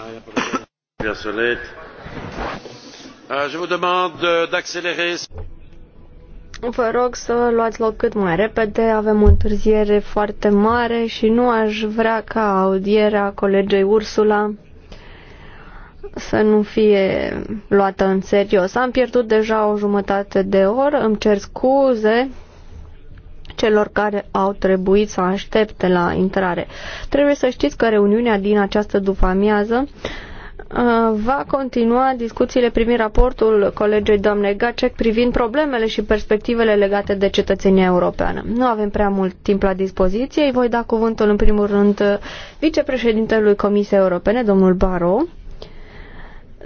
Euh, euh, Vă rog să luați loc cât mai repede, avem o întârziere foarte mare și nu aș vrea ca audierea colegei Ursula să nu fie luată în serios. Am pierdut deja o jumătate de oră, îmi cer scuze celor care au trebuit să aștepte la intrare. Trebuie să știți că reuniunea din această dufamiază uh, va continua discuțiile privind raportul colegei doamnei Gacek privind problemele și perspectivele legate de cetățenia europeană. Nu avem prea mult timp la dispoziție. Îi voi da cuvântul în primul rând vicepreședintelui Comisiei Europene, domnul Baro,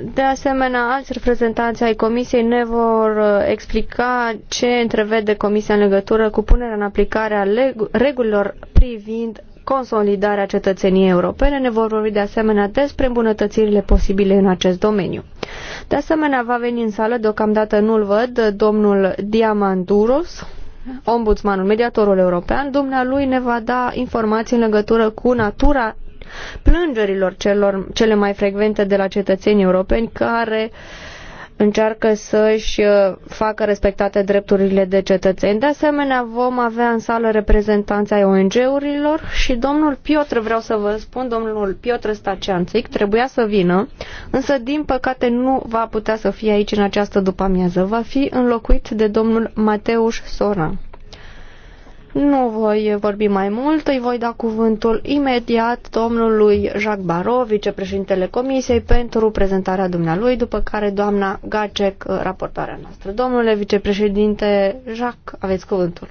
de asemenea, alți reprezentanți ai Comisiei ne vor uh, explica ce întrevede Comisia în legătură cu punerea în aplicare a regulilor privind consolidarea cetățeniei europene. Ne vor vorbi de asemenea despre îmbunătățirile posibile în acest domeniu. De asemenea, va veni în sală, deocamdată nu-l văd, domnul Diamanduros, ombudsmanul, mediatorul european. Dumnealui ne va da informații în legătură cu natura plângerilor celor, cele mai frecvente de la cetățenii europeni care încearcă să-și uh, facă respectate drepturile de cetățeni. De asemenea, vom avea în sală reprezentanța ai ONG-urilor și domnul Piotr, vreau să vă spun, domnul Piotr Staceanțic trebuia să vină, însă din păcate nu va putea să fie aici în această după-amiază. Va fi înlocuit de domnul Mateuș Sora. Nu voi vorbi mai mult, îi voi da cuvântul imediat domnului Jacques Barrot, vicepreședintele Comisiei, pentru prezentarea dumnealui, după care doamna Gacek, uh, raportoarea noastră. Domnule vicepreședinte Jacques, aveți cuvântul.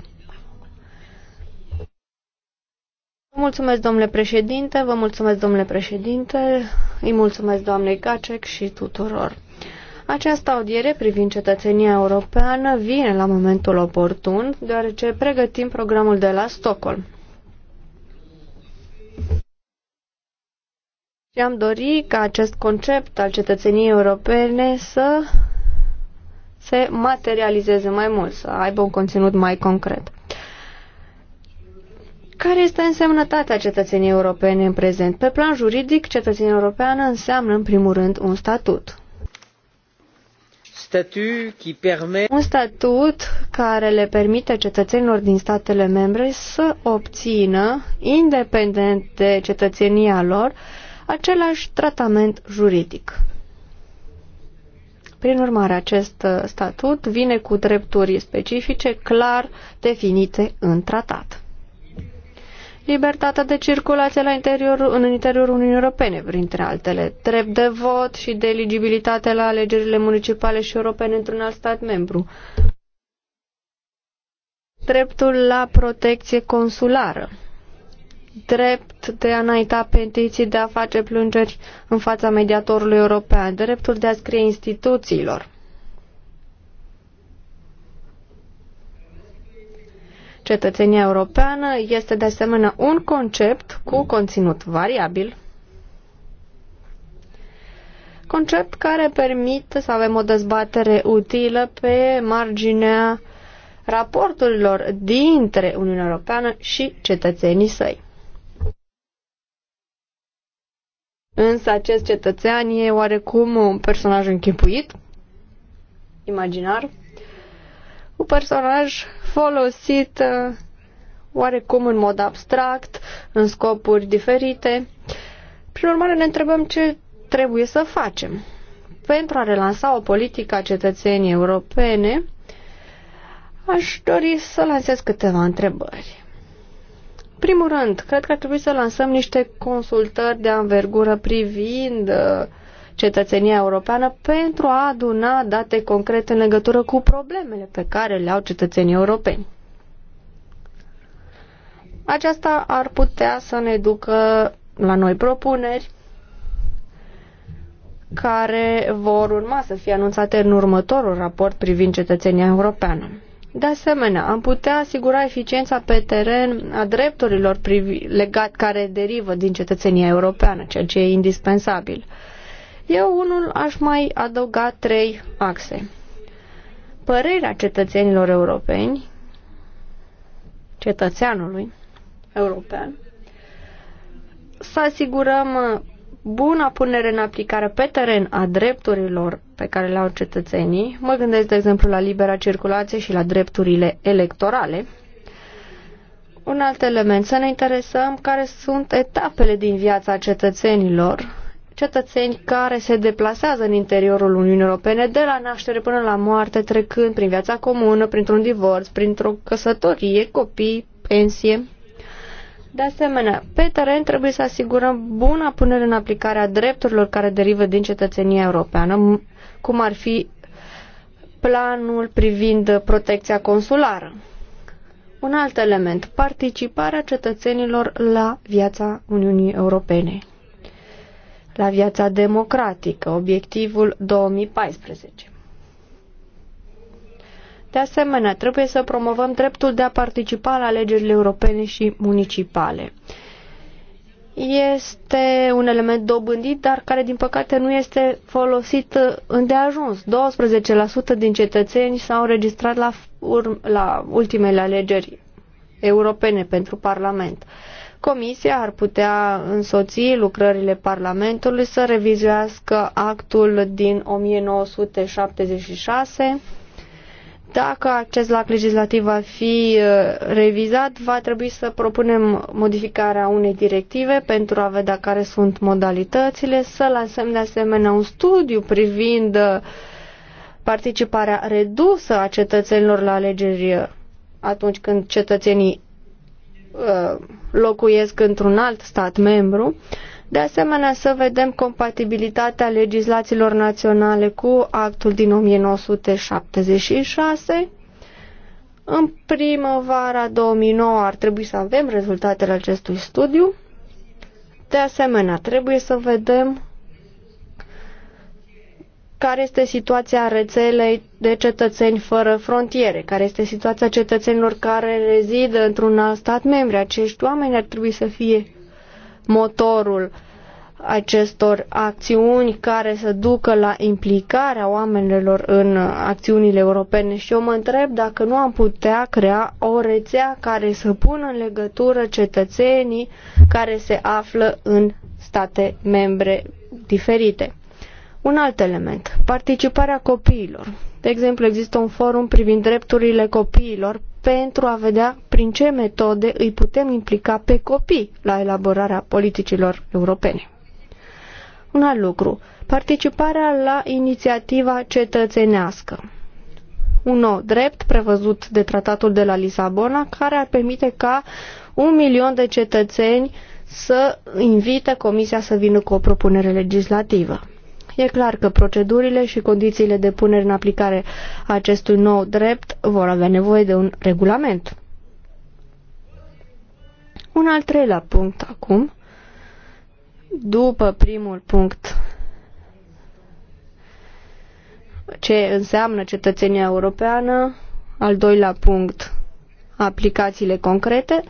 Mulțumesc, domnule președinte, vă mulțumesc, domnule președinte, îi mulțumesc doamnei Gacek și tuturor această audiere privind cetățenia europeană vine la momentul oportun, deoarece pregătim programul de la Stockholm. Și am dorit ca acest concept al cetățeniei europene să se materializeze mai mult, să aibă un conținut mai concret. Care este însemnătatea cetățeniei europene în prezent? Pe plan juridic, cetățenia europeană înseamnă, în primul rând, un statut un statut care le permite cetățenilor din statele membre să obțină, independent de cetățenia lor, același tratament juridic. Prin urmare, acest statut vine cu drepturi specifice clar definite în tratat libertatea de circulație la interiorul, în interiorul Uniunii Europene, printre altele, drept de vot și de eligibilitate la alegerile municipale și europene într-un alt stat membru, dreptul la protecție consulară, drept de a înainta petiții, de a face plângeri în fața mediatorului european, dreptul de a scrie instituțiilor Cetățenia europeană este de asemenea un concept cu conținut variabil, concept care permite să avem o dezbatere utilă pe marginea raporturilor dintre Uniunea Europeană și cetățenii săi. Însă acest cetățean e oarecum un personaj închipuit, imaginar, un personaj folosit uh, oarecum în mod abstract, în scopuri diferite. Prin urmare, ne întrebăm ce trebuie să facem pentru a relansa o politică a cetățenii europene, aș dori să lansez câteva întrebări. Primul rând, cred că ar trebui să lansăm niște consultări de anvergură privind uh, cetățenia europeană pentru a aduna date concrete în legătură cu problemele pe care le au cetățenii europeni. Aceasta ar putea să ne ducă la noi propuneri care vor urma să fie anunțate în următorul raport privind cetățenia europeană. De asemenea, am putea asigura eficiența pe teren a drepturilor legat care derivă din cetățenia europeană, ceea ce e indispensabil. Eu unul aș mai adăuga trei axe. Părerea cetățenilor europeni, cetățeanului european, să asigurăm buna punere în aplicare pe teren a drepturilor pe care le au cetățenii. Mă gândesc, de exemplu, la libera circulație și la drepturile electorale. Un alt element, să ne interesăm care sunt etapele din viața cetățenilor cetățeni care se deplasează în interiorul Uniunii Europene de la naștere până la moarte, trecând prin viața comună, printr-un divorț, printr-o căsătorie, copii, pensie. De asemenea, pe teren trebuie să asigurăm buna punere în aplicare a drepturilor care derivă din cetățenia europeană, cum ar fi planul privind protecția consulară. Un alt element, participarea cetățenilor la viața Uniunii Europene la viața democratică, obiectivul 2014. De asemenea, trebuie să promovăm dreptul de a participa la alegerile europene și municipale. Este un element dobândit, dar care din păcate nu este folosit îndeajuns. 12% din cetățeni s-au înregistrat la, la ultimele alegeri europene pentru Parlament. Comisia ar putea însoți lucrările Parlamentului să revizuiască actul din 1976. Dacă acest act legislativ va fi uh, revizat, va trebui să propunem modificarea unei directive pentru a vedea care sunt modalitățile, să lansăm de asemenea un studiu privind uh, participarea redusă a cetățenilor la alegeri uh, atunci când cetățenii Uh, locuiesc într-un alt stat membru. De asemenea, să vedem compatibilitatea legislațiilor naționale cu actul din 1976. În primăvara 2009 ar trebui să avem rezultatele acestui studiu. De asemenea, trebuie să vedem care este situația rețelei de cetățeni fără frontiere, care este situația cetățenilor care rezidă într-un alt stat membru. Acești oameni ar trebui să fie motorul acestor acțiuni care să ducă la implicarea oamenilor în acțiunile europene și eu mă întreb dacă nu am putea crea o rețea care să pună în legătură cetățenii care se află în state membre diferite. Un alt element, participarea copiilor. De exemplu, există un forum privind drepturile copiilor pentru a vedea prin ce metode îi putem implica pe copii la elaborarea politicilor europene. Un alt lucru, participarea la inițiativa cetățenească. Un nou drept prevăzut de tratatul de la Lisabona care ar permite ca un milion de cetățeni să invite Comisia să vină cu o propunere legislativă. E clar că procedurile și condițiile de punere în aplicare a acestui nou drept vor avea nevoie de un regulament. Un al treilea punct acum, după primul punct, ce înseamnă cetățenia europeană, al doilea punct, aplicațiile concrete,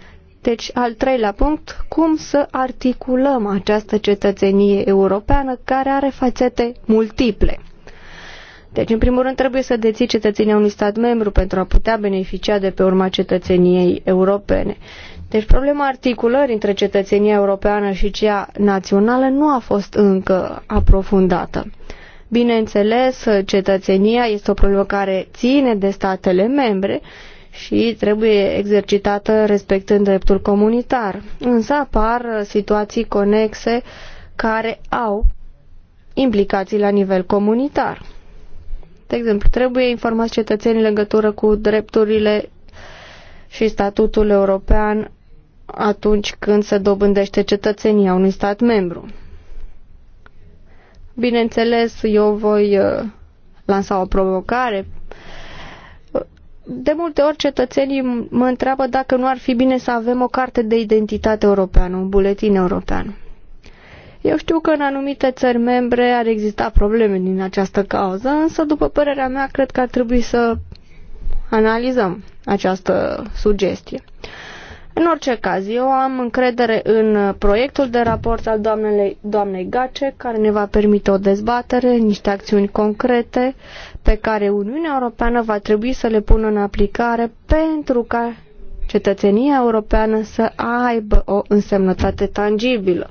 deci, al treilea punct, cum să articulăm această cetățenie europeană care are fațete multiple. Deci, în primul rând, trebuie să deții cetățenia unui stat membru pentru a putea beneficia de pe urma cetățeniei europene. Deci, problema articulării între cetățenia europeană și cea națională nu a fost încă aprofundată. Bineînțeles, cetățenia este o problemă care ține de statele membre și trebuie exercitată respectând dreptul comunitar. Însă apar situații conexe care au implicații la nivel comunitar. De exemplu, trebuie informați cetățenii în legătură cu drepturile și statutul european atunci când se dobândește cetățenia unui stat membru. Bineînțeles, eu voi uh, lansa o provocare uh, de multe ori cetățenii mă întreabă dacă nu ar fi bine să avem o carte de identitate europeană, un buletin european. Eu știu că în anumite țări membre ar exista probleme din această cauză, însă, după părerea mea, cred că ar trebui să analizăm această sugestie. În orice caz, eu am încredere în proiectul de raport al doamnei, doamnei Gace, care ne va permite o dezbatere, niște acțiuni concrete pe care Uniunea Europeană va trebui să le pună în aplicare pentru ca cetățenia europeană să aibă o însemnătate tangibilă.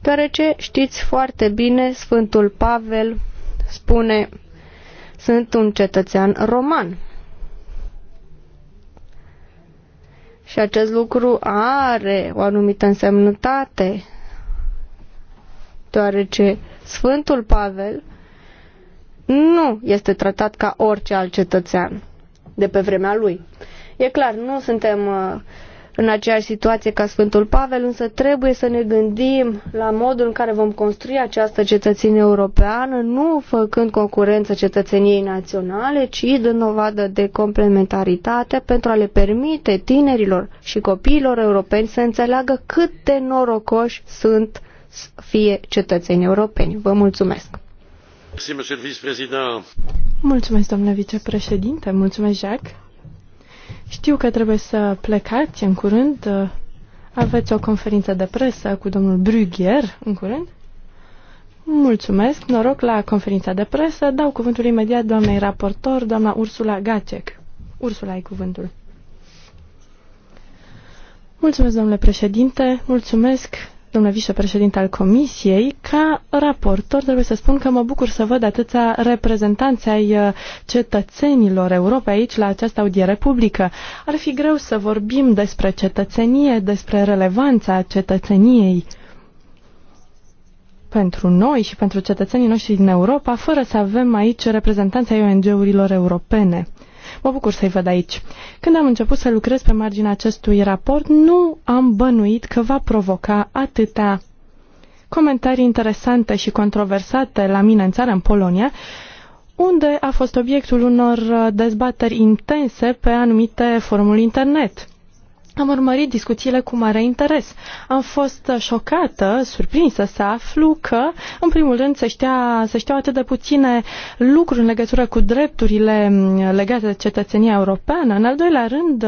Deoarece știți foarte bine, Sfântul Pavel spune, sunt un cetățean roman. Și acest lucru are o anumită însemnătate, deoarece Sfântul Pavel nu este tratat ca orice alt cetățean de pe vremea lui. E clar, nu suntem uh, în aceeași situație ca Sfântul Pavel, însă trebuie să ne gândim la modul în care vom construi această cetățenie europeană, nu făcând concurență cetățeniei naționale, ci dând vadă de complementaritate pentru a le permite tinerilor și copiilor europeni să înțeleagă cât de norocoși sunt fie cetățeni europeni. Vă mulțumesc! Mulțumesc, domnule vicepreședinte. Mulțumesc, Jacques. Știu că trebuie să plecați în curând. Aveți o conferință de presă cu domnul Brugger în curând. Mulțumesc, noroc la conferința de presă. Dau cuvântul imediat doamnei raportor, doamna Ursula Gacek. Ursula, ai cuvântul. Mulțumesc, domnule președinte. Mulțumesc domnule vicepreședinte al Comisiei, ca raportor trebuie să spun că mă bucur să văd atâția reprezentanți ai uh, cetățenilor Europei aici la această audiere publică. Ar fi greu să vorbim despre cetățenie, despre relevanța cetățeniei pentru noi și pentru cetățenii noștri din Europa, fără să avem aici reprezentanța ONG-urilor europene. Mă bucur să-i văd aici. Când am început să lucrez pe marginea acestui raport, nu am bănuit că va provoca atâtea comentarii interesante și controversate la mine în țară, în Polonia, unde a fost obiectul unor uh, dezbateri intense pe anumite forumuri internet. Am urmărit discuțiile cu mare interes. Am fost șocată, surprinsă să aflu că, în primul rând, se, știa, se știau atât de puține lucruri în legătură cu drepturile mm, legate de cetățenia europeană. În al doilea rând,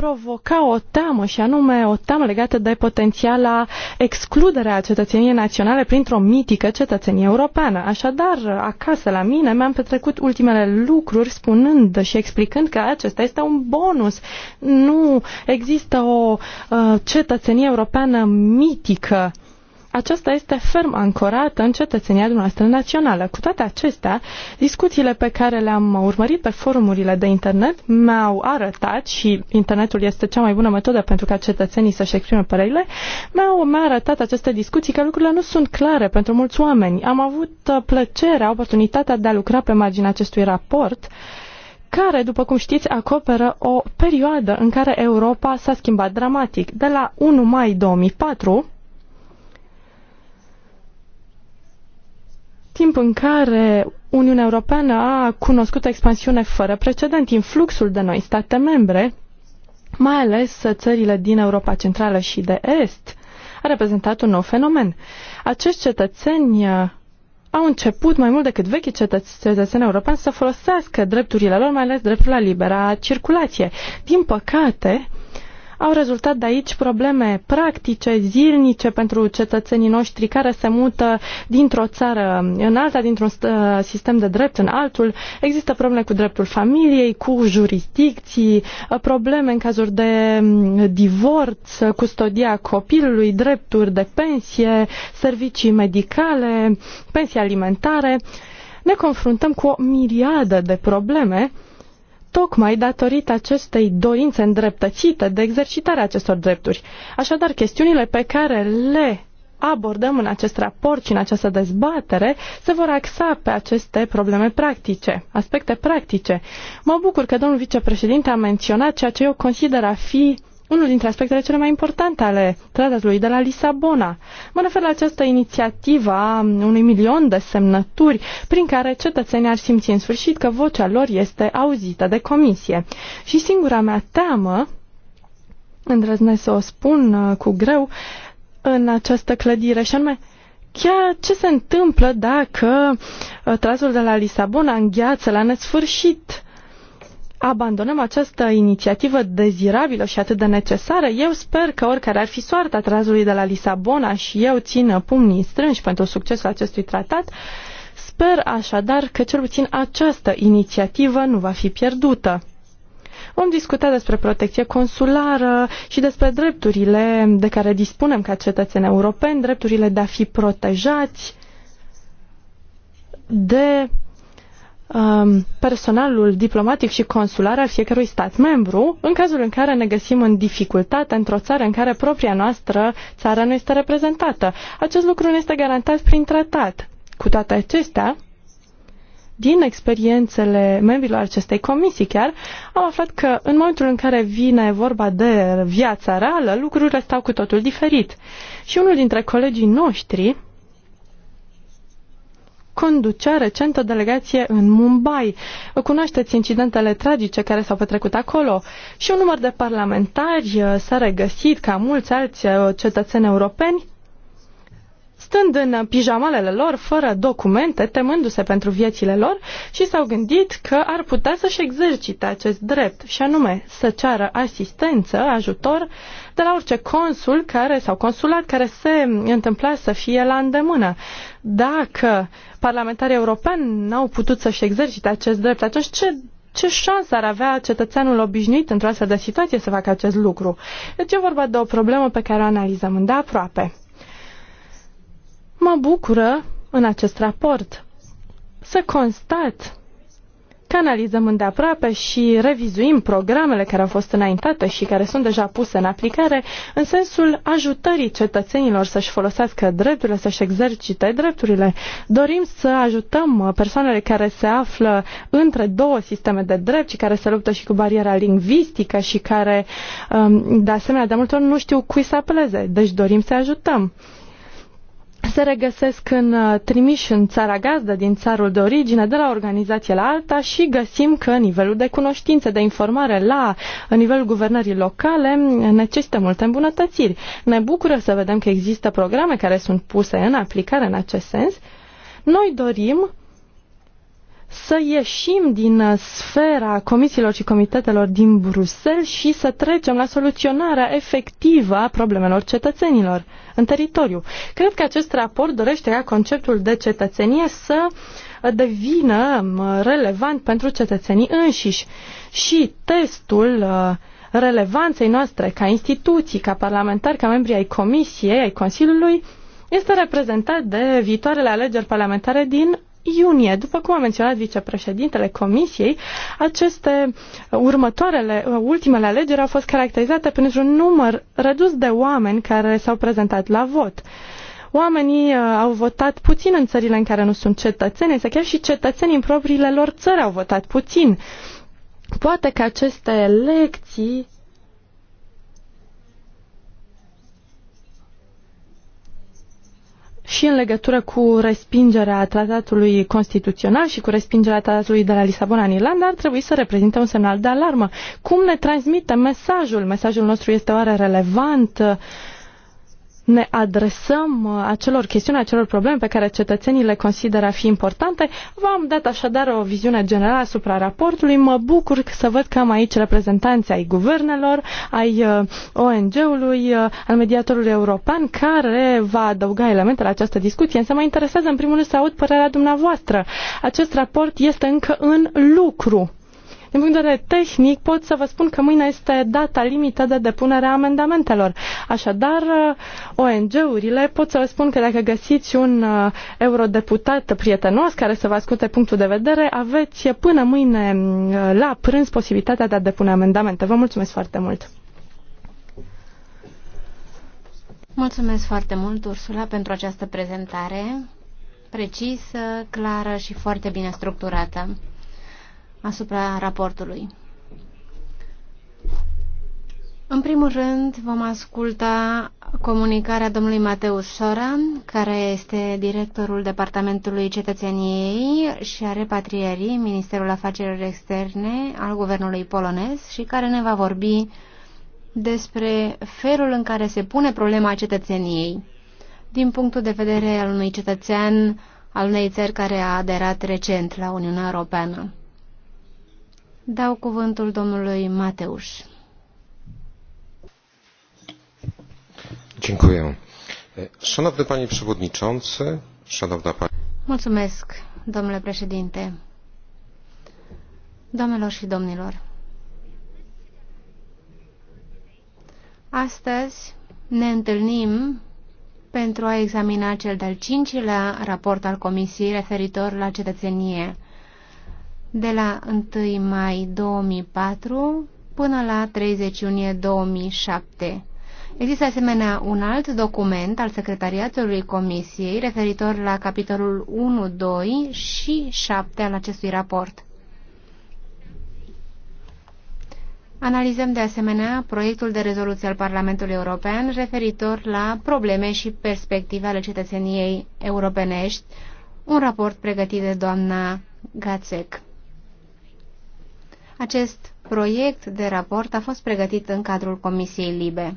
provoca o teamă și anume o teamă legată de potențiala excludere a cetățeniei naționale printr-o mitică cetățenie europeană. Așadar, acasă la mine mi-am petrecut ultimele lucruri spunând și explicând că acesta este un bonus. Nu există o uh, cetățenie europeană mitică. Uh, aceasta este ferm ancorată în cetățenia dumneavoastră națională. Cu toate acestea, discuțiile pe care le-am urmărit pe forumurile de internet mi-au arătat și internetul este cea mai bună metodă pentru ca cetățenii să-și exprime părerile, mi-au mi arătat aceste discuții că lucrurile nu sunt clare pentru mulți oameni. Am avut uh, plăcerea, oportunitatea de a lucra pe marginea acestui raport care, după cum știți, acoperă o perioadă în care Europa s-a schimbat dramatic. De la 1 mai 2004, timp în care Uniunea Europeană a cunoscut o expansiune fără precedent, influxul de noi state membre, mai ales țările din Europa Centrală și de Est, a reprezentat un nou fenomen. Acești cetățeni uh, au început mai mult decât vechi, cetățeni europeni să folosească drepturile lor, mai ales dreptul la libera circulație. Din păcate, au rezultat de aici probleme practice, zilnice pentru cetățenii noștri care se mută dintr-o țară în alta, dintr-un uh, sistem de drept în altul. Există probleme cu dreptul familiei, cu jurisdicții, uh, probleme în cazuri de mm, divorț, uh, custodia copilului, drepturi de pensie, servicii medicale, pensii alimentare. Ne confruntăm cu o miriadă de probleme tocmai datorită acestei dorințe îndreptățite de exercitarea acestor drepturi. Așadar, chestiunile pe care le abordăm în acest raport și în această dezbatere se vor axa pe aceste probleme practice, aspecte practice. Mă bucur că domnul vicepreședinte a menționat ceea ce eu consider a fi unul dintre aspectele cele mai importante ale tratatului de la Lisabona. Mă refer la această inițiativă a unui milion de semnături prin care cetățenii ar simți în sfârșit că vocea lor este auzită de comisie. Și singura mea teamă, îndrăznesc să o spun uh, cu greu, în această clădire, și anume chiar ce se întâmplă dacă uh, Tratatul de la Lisabona îngheață la nesfârșit abandonăm această inițiativă dezirabilă și atât de necesară. Eu sper că oricare ar fi soarta trazului de la Lisabona și eu țin pumnii strânși pentru succesul acestui tratat, sper așadar că cel puțin această inițiativă nu va fi pierdută. Vom discuta despre protecție consulară și despre drepturile de care dispunem ca cetățeni europeni, drepturile de a fi protejați de Um, personalul diplomatic și consular al fiecărui stat membru în cazul în care ne găsim în dificultate într-o țară în care propria noastră țară nu este reprezentată. Acest lucru nu este garantat prin tratat. Cu toate acestea, din experiențele membrilor acestei comisii chiar, am aflat că în momentul în care vine vorba de viața reală, lucrurile stau cu totul diferit. Și unul dintre colegii noștri, conducea recent o delegație în Mumbai. Cunoașteți incidentele tragice care s-au petrecut acolo și un număr de parlamentari uh, s-a regăsit, ca mulți alți uh, cetățeni europeni, stând în pijamalele lor, fără documente, temându-se pentru viețile lor și s-au gândit că ar putea să-și exercite acest drept, și anume să ceară asistență, ajutor, de la orice consul care, sau consulat care se întâmpla să fie la îndemână. Dacă parlamentarii europeni n-au putut să-și exercite acest drept, atunci ce ce șansă ar avea cetățeanul obișnuit într-o astfel de situație să facă acest lucru? Deci e vorba de o problemă pe care o analizăm îndeaproape. Mă bucură în acest raport să constat canalizăm îndeaproape și revizuim programele care au fost înaintate și care sunt deja puse în aplicare în sensul ajutării cetățenilor să-și folosească drepturile, să-și exercite drepturile. Dorim să ajutăm persoanele care se află între două sisteme de drept și care se luptă și cu bariera lingvistică și care, um, de asemenea, de multe ori nu știu cui să apeleze. Deci dorim să ajutăm se regăsesc în uh, trimiși în țara gazdă, din țarul de origine, de la organizație la alta și găsim că nivelul de cunoștințe, de informare la uh, nivelul guvernării locale uh, necesită multe îmbunătățiri. Ne bucură să vedem că există programe care sunt puse în aplicare în acest sens. Noi dorim să ieșim din uh, sfera comisiilor și comitetelor din Bruxelles și să trecem la soluționarea efectivă a problemelor cetățenilor în teritoriu. Cred că acest raport dorește ca conceptul de cetățenie să uh, devină um, relevant pentru cetățenii înșiși și testul uh, relevanței noastre ca instituții, ca parlamentari, ca membri ai Comisiei, ai Consiliului, este reprezentat de viitoarele alegeri parlamentare din iunie. După cum a menționat vicepreședintele Comisiei, aceste uh, următoarele, uh, ultimele alegeri au fost caracterizate prin un număr redus de oameni care s-au prezentat la vot. Oamenii uh, au votat puțin în țările în care nu sunt cetățeni, sau chiar și cetățenii în propriile lor țări au votat puțin. Poate că aceste lecții și în legătură cu respingerea tratatului constituțional și cu respingerea tratatului de la Lisabona în Irlanda ar trebui să reprezinte un semnal de alarmă. Cum ne transmite mesajul? Mesajul nostru este oare relevant? Uh, ne adresăm uh, acelor chestiuni, acelor probleme pe care cetățenii le consideră a fi importante. V-am dat așadar o viziune generală asupra raportului. Mă bucur să văd că am aici reprezentanții ai guvernelor, ai uh, ONG-ului, uh, al mediatorului european, care va adăuga elemente la această discuție. Însă mă interesează în primul rând să aud părerea dumneavoastră. Acest raport este încă în lucru. Din punct de vedere tehnic, pot să vă spun că mâine este data limită de depunere a amendamentelor. Așadar, uh, ONG-urile pot să vă spun că dacă găsiți un uh, eurodeputat prietenos care să vă asculte punctul de vedere, aveți până mâine mm, uh, la prânz posibilitatea de a depune amendamente. Vă mulțumesc foarte mult! Mulțumesc foarte mult, Ursula, pentru această prezentare precisă, clară și foarte bine structurată asupra raportului. În primul rând, vom asculta comunicarea domnului Mateus Sora, care este directorul Departamentului Cetățeniei și a Repatrierii, Ministerul Afacerilor Externe al Guvernului Polonez și care ne va vorbi despre felul în care se pune problema cetățeniei din punctul de vedere al unui cetățean al unei țări care a aderat recent la Uniunea Europeană. Dau cuvântul domnului Mateuș. Dziękuję. Szanowny panie przewodniczący, szanowna pani. Mulțumesc, domnule președinte. Domnilor și domnilor. Astăzi ne întâlnim pentru a examina cel de-al cincilea raport al Comisiei referitor la cetățenie de la 1 mai 2004 până la 30 iunie 2007. Există asemenea un alt document al Secretariatului Comisiei referitor la capitolul 1, 2 și 7 al acestui raport. Analizăm de asemenea proiectul de rezoluție al Parlamentului European referitor la probleme și perspective ale cetățeniei europenești, un raport pregătit de doamna Gațec. Acest proiect de raport a fost pregătit în cadrul Comisiei Libe.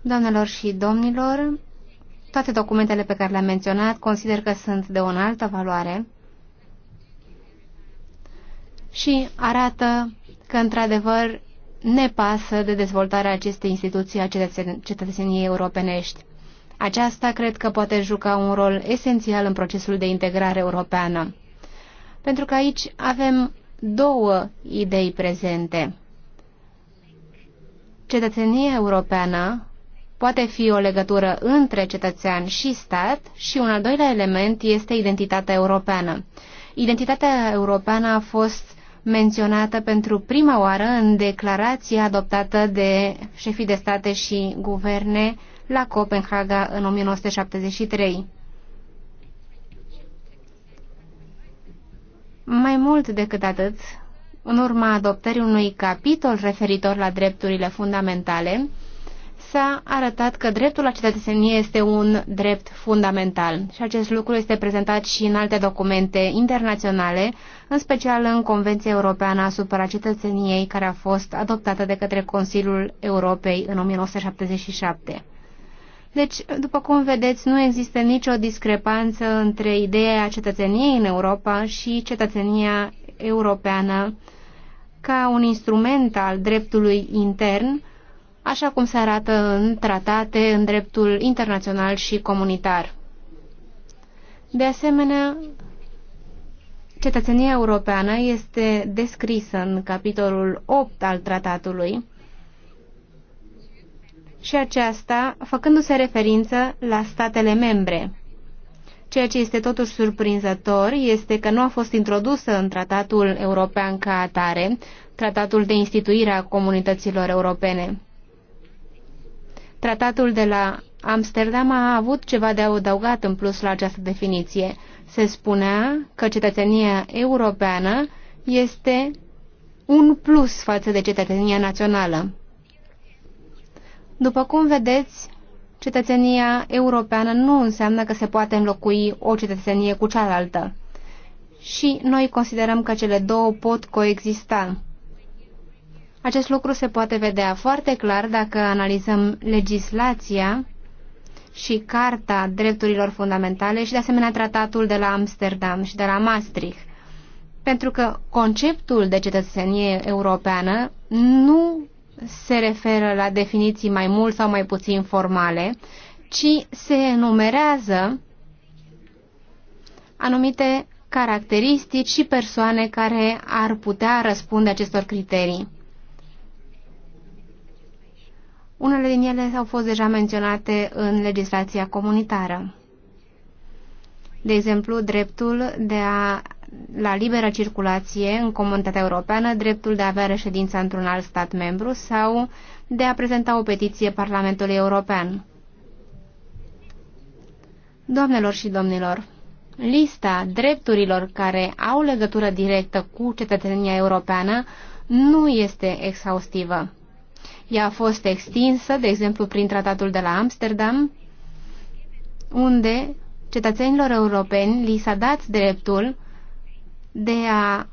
Doamnelor și domnilor, toate documentele pe care le-am menționat consider că sunt de o înaltă valoare și arată că, într-adevăr, ne pasă de dezvoltarea acestei instituții a cetățeniei europenești. Aceasta cred că poate juca un rol esențial în procesul de integrare europeană pentru că aici avem două idei prezente. Cetățenia europeană poate fi o legătură între cetățean și stat și un al doilea element este identitatea europeană. Identitatea europeană a fost menționată pentru prima oară în declarația adoptată de șefii de state și guverne la Copenhaga în 1973. Mai mult decât atât, în urma adoptării unui capitol referitor la drepturile fundamentale, s-a arătat că dreptul la cetățenie este un drept fundamental și acest lucru este prezentat și în alte documente internaționale, în special în Convenția Europeană asupra cetățeniei care a fost adoptată de către Consiliul Europei în 1977. Deci, după cum vedeți, nu există nicio discrepanță între ideea cetățeniei în Europa și cetățenia europeană ca un instrument al dreptului intern, așa cum se arată în tratate, în dreptul internațional și comunitar. De asemenea, cetățenia europeană este descrisă în capitolul 8 al tratatului, și aceasta făcându-se referință la statele membre. Ceea ce este totuși surprinzător este că nu a fost introdusă în tratatul european ca atare, tratatul de instituire a comunităților europene. Tratatul de la Amsterdam a avut ceva de adăugat în plus la această definiție. Se spunea că cetățenia europeană este un plus față de cetățenia națională. După cum vedeți, cetățenia europeană nu înseamnă că se poate înlocui o cetățenie cu cealaltă. Și noi considerăm că cele două pot coexista. Acest lucru se poate vedea foarte clar dacă analizăm legislația și Carta Drepturilor Fundamentale și de asemenea tratatul de la Amsterdam și de la Maastricht. Pentru că conceptul de cetățenie europeană nu se referă la definiții mai mult sau mai puțin formale, ci se enumerează anumite caracteristici și persoane care ar putea răspunde acestor criterii. Unele din ele au fost deja menționate în legislația comunitară. De exemplu, dreptul de a la liberă circulație în comunitatea europeană dreptul de a avea reședința într-un alt stat membru sau de a prezenta o petiție Parlamentului European. Doamnelor și domnilor, lista drepturilor care au legătură directă cu cetățenia europeană nu este exhaustivă. Ea a fost extinsă, de exemplu, prin tratatul de la Amsterdam, unde cetățenilor europeni li s-a dat dreptul de a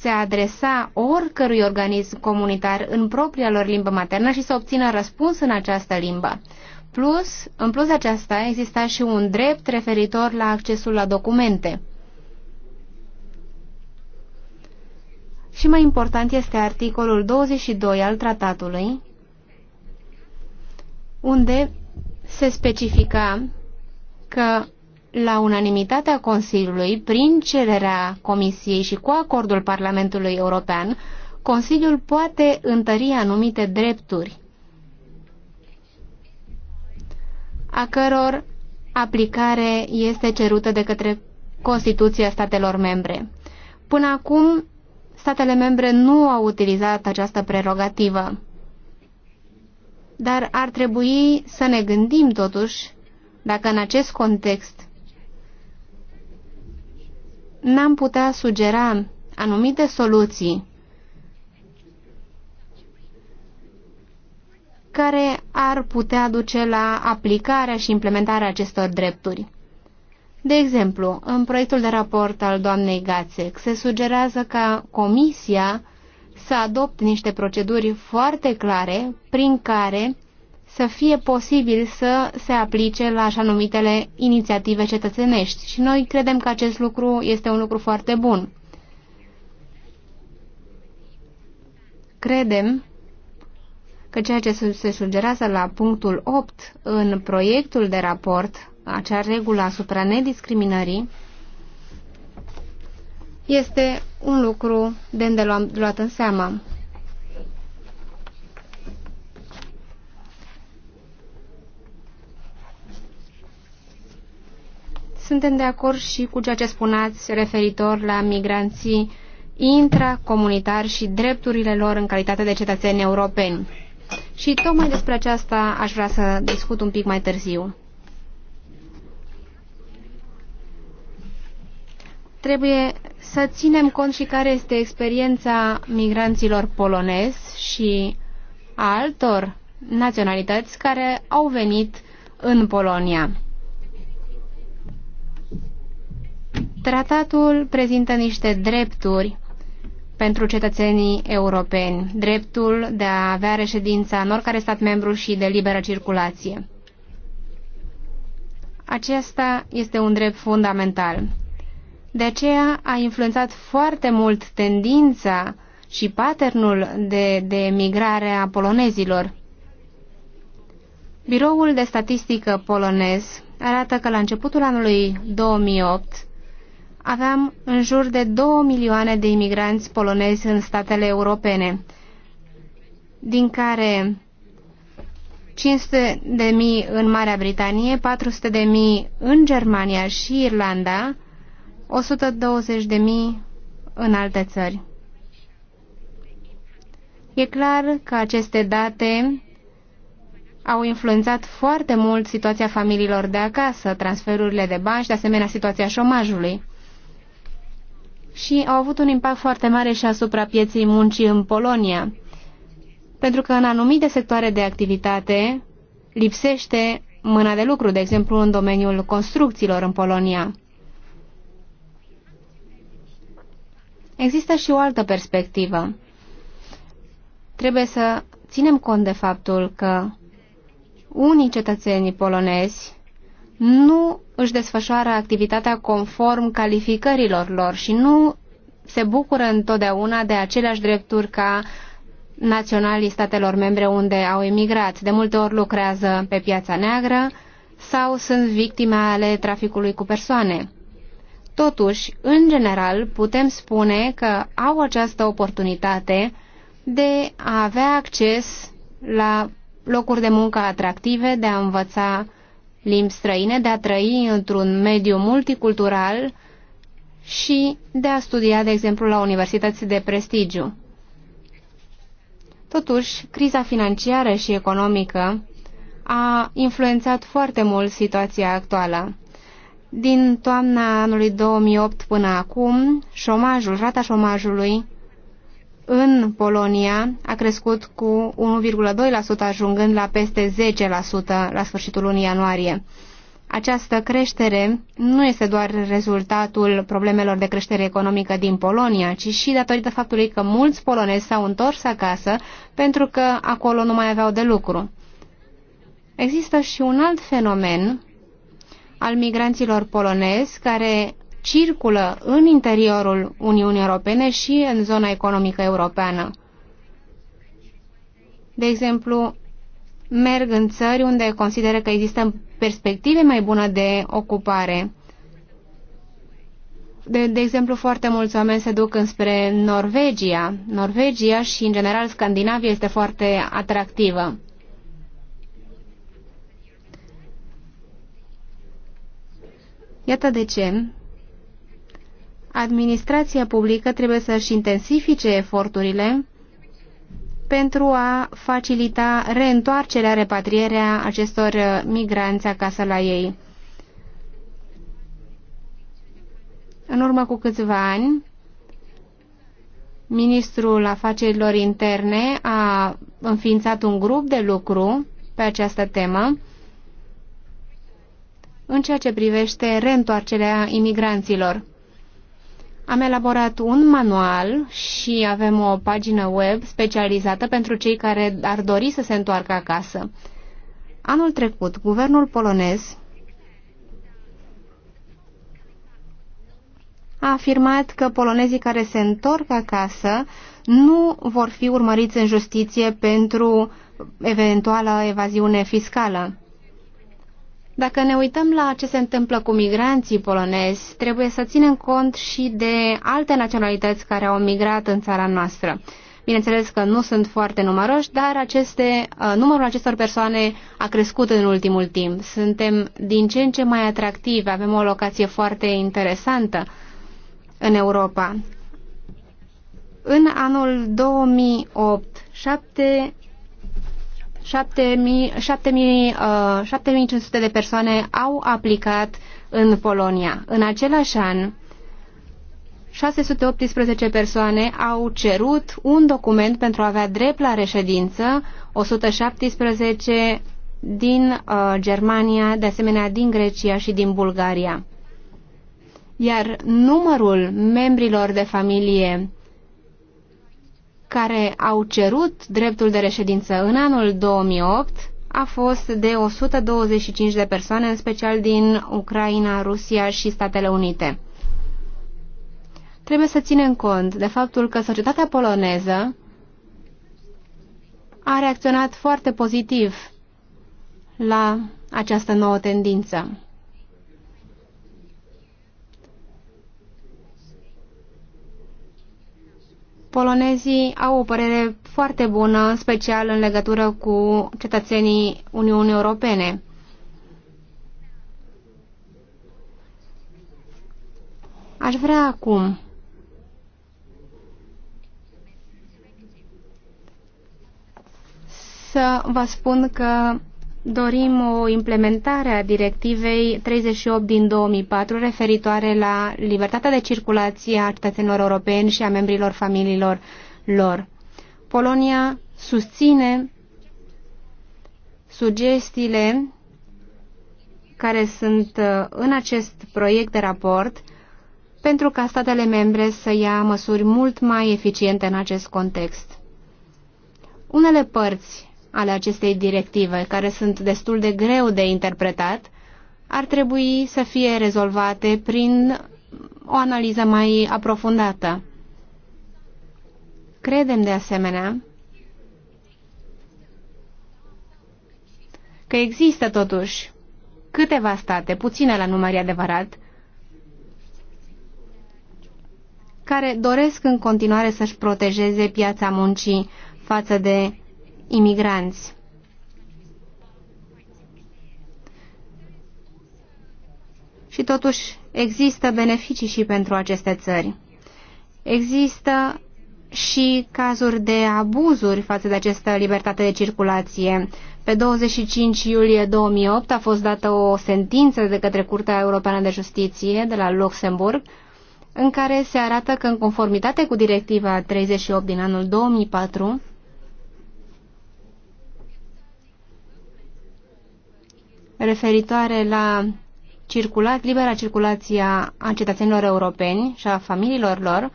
se adresa oricărui organism comunitar în propria lor limbă maternă și să obțină răspuns în această limbă. Plus, în plus de aceasta, exista și un drept referitor la accesul la documente. Și mai important este articolul 22 al tratatului, unde se specifica că la unanimitatea Consiliului, prin cererea Comisiei și cu acordul Parlamentului European, Consiliul poate întări anumite drepturi a căror aplicare este cerută de către Constituția statelor membre. Până acum, statele membre nu au utilizat această prerogativă, dar ar trebui să ne gândim totuși dacă în acest context n-am putea sugera anumite soluții care ar putea duce la aplicarea și implementarea acestor drepturi. De exemplu, în proiectul de raport al doamnei Gațec se sugerează ca Comisia să adopte niște proceduri foarte clare prin care să fie posibil să se aplice la așa numitele inițiative cetățenești. Și noi credem că acest lucru este un lucru foarte bun. Credem că ceea ce se sugerează la punctul 8 în proiectul de raport, acea regulă asupra nediscriminării, este un lucru de îndeluat în seamă. Suntem de acord și cu ceea ce spuneați referitor la migranții intracomunitari și drepturile lor în calitate de cetățeni europeni. Și tocmai despre aceasta aș vrea să discut un pic mai târziu. Trebuie să ținem cont și care este experiența migranților polonezi și altor naționalități care au venit în Polonia. Tratatul prezintă niște drepturi pentru cetățenii europeni, dreptul de a avea reședința în oricare stat membru și de liberă circulație. Acesta este un drept fundamental. De aceea a influențat foarte mult tendința și paternul de, de migrare a polonezilor. Biroul de statistică polonez arată că la începutul anului 2008 aveam în jur de 2 milioane de imigranți polonezi în statele europene, din care 500 de mii în Marea Britanie, 400 de mii în Germania și Irlanda, 120 de mii în alte țări. E clar că aceste date au influențat foarte mult situația familiilor de acasă, transferurile de bani și, de asemenea, situația șomajului și au avut un impact foarte mare și asupra pieței muncii în Polonia. Pentru că în anumite sectoare de activitate lipsește mâna de lucru, de exemplu în domeniul construcțiilor în Polonia. Există și o altă perspectivă. Trebuie să ținem cont de faptul că unii cetățenii polonezi nu își desfășoară activitatea conform calificărilor lor și nu se bucură întotdeauna de aceleași drepturi ca naționalii statelor membre unde au emigrat. De multe ori lucrează pe piața neagră sau sunt victime ale traficului cu persoane. Totuși, în general, putem spune că au această oportunitate de a avea acces la locuri de muncă atractive, de a învăța limbi străine, de a trăi într-un mediu multicultural și de a studia, de exemplu, la universități de prestigiu. Totuși, criza financiară și economică a influențat foarte mult situația actuală. Din toamna anului 2008 până acum, șomajul, rata șomajului în Polonia a crescut cu 1,2% ajungând la peste 10% la sfârșitul lunii ianuarie. Această creștere nu este doar rezultatul problemelor de creștere economică din Polonia, ci și datorită faptului că mulți polonezi s-au întors acasă pentru că acolo nu mai aveau de lucru. Există și un alt fenomen al migranților polonezi care circulă în interiorul Uniunii Europene și în zona economică europeană. De exemplu, merg în țări unde consideră că există perspective mai bune de ocupare. De, de exemplu, foarte mulți oameni se duc înspre Norvegia. Norvegia și, în general, Scandinavia este foarte atractivă. Iată de ce administrația publică trebuie să-și intensifice eforturile pentru a facilita reîntoarcerea, repatrierea acestor uh, migranți acasă la ei. În urmă cu câțiva ani, ministrul afacerilor interne a înființat un grup de lucru pe această temă în ceea ce privește reîntoarcerea imigranților. Am elaborat un manual și avem o pagină web specializată pentru cei care ar dori să se întoarcă acasă. Anul trecut, guvernul polonez a afirmat că polonezii care se întorc acasă nu vor fi urmăriți în justiție pentru eventuală evaziune fiscală. Dacă ne uităm la ce se întâmplă cu migranții polonezi, trebuie să ținem cont și de alte naționalități care au migrat în țara noastră. Bineînțeles că nu sunt foarte numeroși, dar aceste, ă, numărul acestor persoane a crescut în ultimul timp. Suntem din ce în ce mai atractivi, avem o locație foarte interesantă în Europa. În anul 2008, 7 7500 uh, de persoane au aplicat în Polonia. În același an, 618 persoane au cerut un document pentru a avea drept la reședință, 117 din uh, Germania, de asemenea din Grecia și din Bulgaria. Iar numărul membrilor de familie care au cerut dreptul de reședință în anul 2008 a fost de 125 de persoane, în special din Ucraina, Rusia și Statele Unite. Trebuie să ținem cont de faptul că societatea poloneză a reacționat foarte pozitiv la această nouă tendință. Polonezii au o părere foarte bună, special în legătură cu cetățenii Uniunii Europene. Aș vrea acum să vă spun că dorim o implementare a directivei 38 din 2004 referitoare la libertatea de circulație a cetățenilor europeni și a membrilor familiilor lor. Polonia susține sugestiile care sunt uh, în acest proiect de raport pentru ca statele membre să ia măsuri mult mai eficiente în acest context. Unele părți ale acestei directive, care sunt destul de greu de interpretat, ar trebui să fie rezolvate prin o analiză mai aprofundată. Credem de asemenea că există totuși câteva state, puține la număr adevărat, care doresc în continuare să-și protejeze piața muncii față de imigranți. Și totuși există beneficii și pentru aceste țări. Există și cazuri de abuzuri față de această libertate de circulație. Pe 25 iulie 2008 a fost dată o sentință de către Curtea Europeană de Justiție de la Luxemburg, în care se arată că în conformitate cu directiva 38 din anul 2004, referitoare la circulat, libera circulație a cetățenilor europeni și a familiilor lor,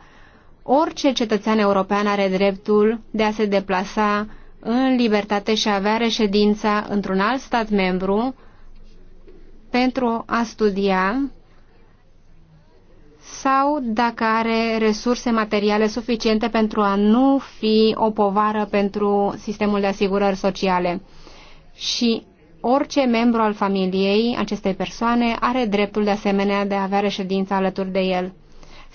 orice cetățean european are dreptul de a se deplasa în libertate și a avea reședința într-un alt stat membru pentru a studia sau dacă are resurse materiale suficiente pentru a nu fi o povară pentru sistemul de asigurări sociale. Și orice membru al familiei acestei persoane are dreptul de asemenea de a avea reședința alături de el.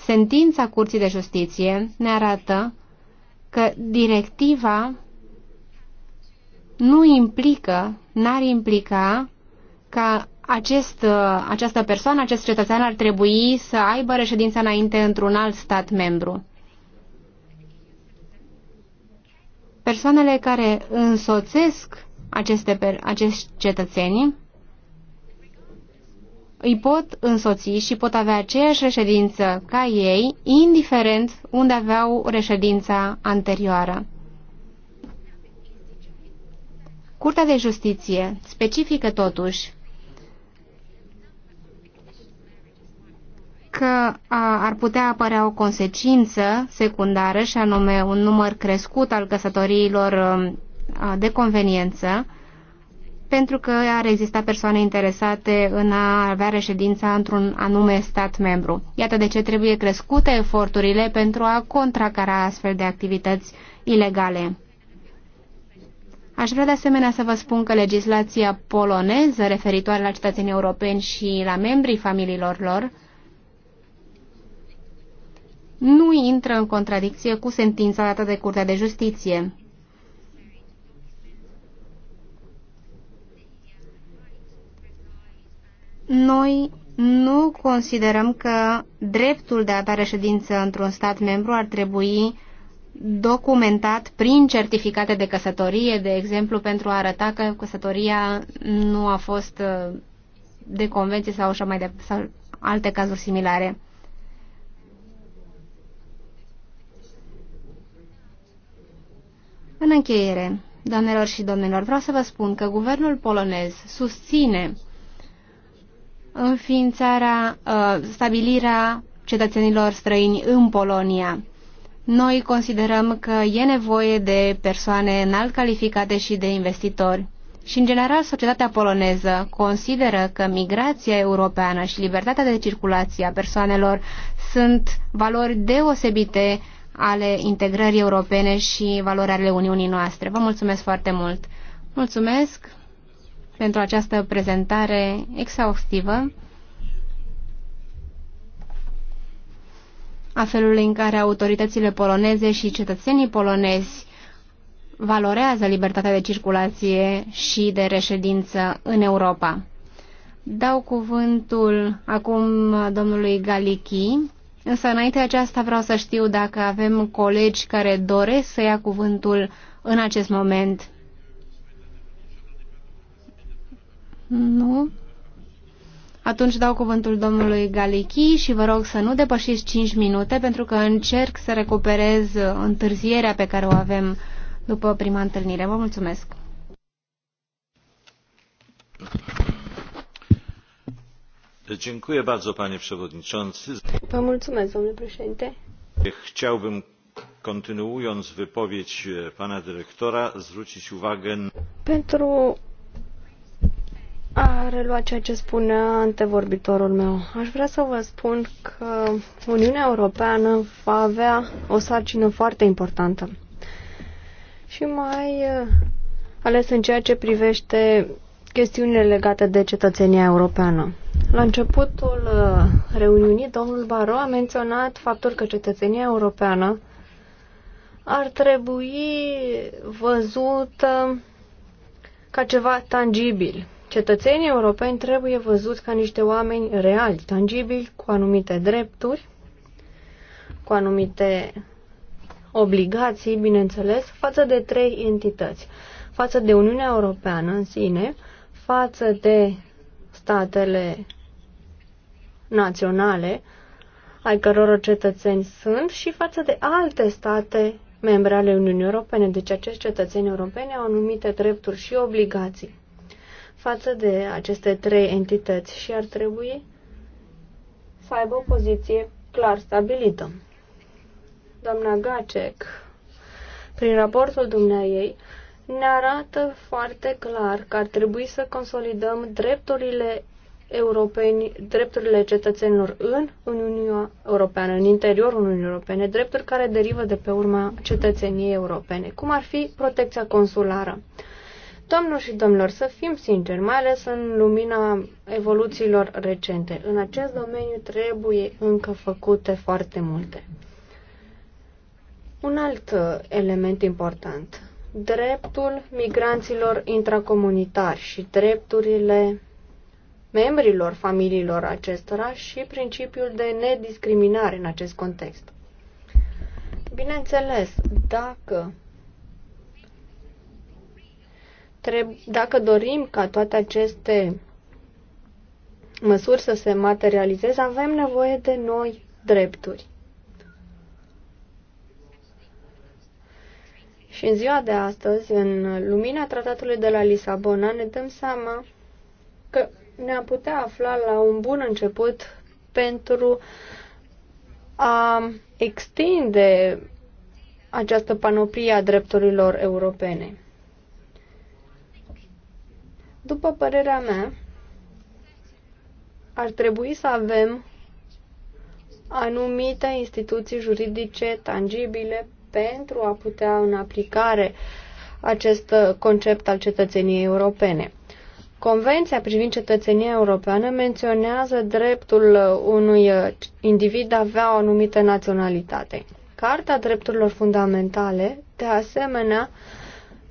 Sentința Curții de Justiție ne arată că directiva nu implică, n-ar implica ca acest, această persoană, acest cetățean ar trebui să aibă reședința înainte într-un alt stat membru. Persoanele care însoțesc aceste, acești cetățeni îi pot însoți și pot avea aceeași reședință ca ei, indiferent unde aveau reședința anterioară. Curtea de Justiție specifică totuși că ar putea apărea o consecință secundară și anume un număr crescut al căsătoriilor um, de conveniență pentru că ar exista persoane interesate în a avea reședința într-un anume stat membru. Iată de ce trebuie crescute eforturile pentru a contracara astfel de activități ilegale. Aș vrea de asemenea să vă spun că legislația poloneză referitoare la cetățenii europeni și la membrii familiilor lor nu intră în contradicție cu sentința dată de Curtea de Justiție. Noi nu considerăm că dreptul de a avea reședință într-un stat membru ar trebui documentat prin certificate de căsătorie, de exemplu, pentru a arăta că căsătoria nu a fost uh, de convenție sau așa mai de, sau alte cazuri similare. În încheiere, doamnelor și domnilor, vreau să vă spun că guvernul polonez susține înființarea, ă, stabilirea cetățenilor străini în Polonia. Noi considerăm că e nevoie de persoane înalt calificate și de investitori. Și, în general, societatea poloneză consideră că migrația europeană și libertatea de circulație a persoanelor sunt valori deosebite ale integrării europene și valori ale Uniunii noastre. Vă mulțumesc foarte mult! Mulțumesc! pentru această prezentare exhaustivă a felului în care autoritățile poloneze și cetățenii polonezi valorează libertatea de circulație și de reședință în Europa. Dau cuvântul acum domnului Galichi, însă înainte de aceasta vreau să știu dacă avem colegi care doresc să ia cuvântul în acest moment. Nu. Atunci dau cuvântul domnului Galichi și vă rog să nu depășiți 5 minute pentru că încerc să recuperez întârzierea pe care o avem după prima întâlnire. Vă mulțumesc. bardzo, panie przewodniczący. Vă mulțumesc, domnule președinte. Chciałbym continuując wypowiedź pana dyrektora zwrócić uwagę Pentru a relua ceea ce spunea antevorbitorul meu. Aș vrea să vă spun că Uniunea Europeană va avea o sarcină foarte importantă. Și mai uh, ales în ceea ce privește chestiunile legate de cetățenia europeană. La începutul uh, reuniunii, domnul Baro a menționat faptul că cetățenia europeană ar trebui văzută ca ceva tangibil, Cetățenii europeni trebuie văzuți ca niște oameni reali, tangibili, cu anumite drepturi, cu anumite obligații, bineînțeles, față de trei entități. Față de Uniunea Europeană în sine, față de statele naționale, ai căror cetățeni sunt, și față de alte state membre ale Uniunii Europene. Deci acești cetățeni europeni au anumite drepturi și obligații față de aceste trei entități și ar trebui să aibă o poziție clar stabilită. Doamna Gacek, prin raportul dumneaei, ne arată foarte clar că ar trebui să consolidăm drepturile europeni, drepturile cetățenilor în Uniunea Europeană, în interiorul Uniunii Europene, drepturi care derivă de pe urma cetățeniei europene, cum ar fi protecția consulară. Domnilor și domnilor, să fim sinceri, mai ales în lumina evoluțiilor recente, în acest domeniu trebuie încă făcute foarte multe. Un alt uh, element important, dreptul migranților intracomunitari și drepturile membrilor familiilor acestora și principiul de nediscriminare în acest context. Bineînțeles, dacă dacă dorim ca toate aceste măsuri să se materializeze, avem nevoie de noi drepturi. Și în ziua de astăzi, în lumina tratatului de la Lisabona, ne dăm seama că ne-am putea afla la un bun început pentru a extinde această panoplie a drepturilor europene. După părerea mea, ar trebui să avem anumite instituții juridice tangibile pentru a putea în aplicare acest concept al cetățeniei europene. Convenția privind cetățenia europeană menționează dreptul unui individ a avea o anumită naționalitate. Carta drepturilor fundamentale, de asemenea,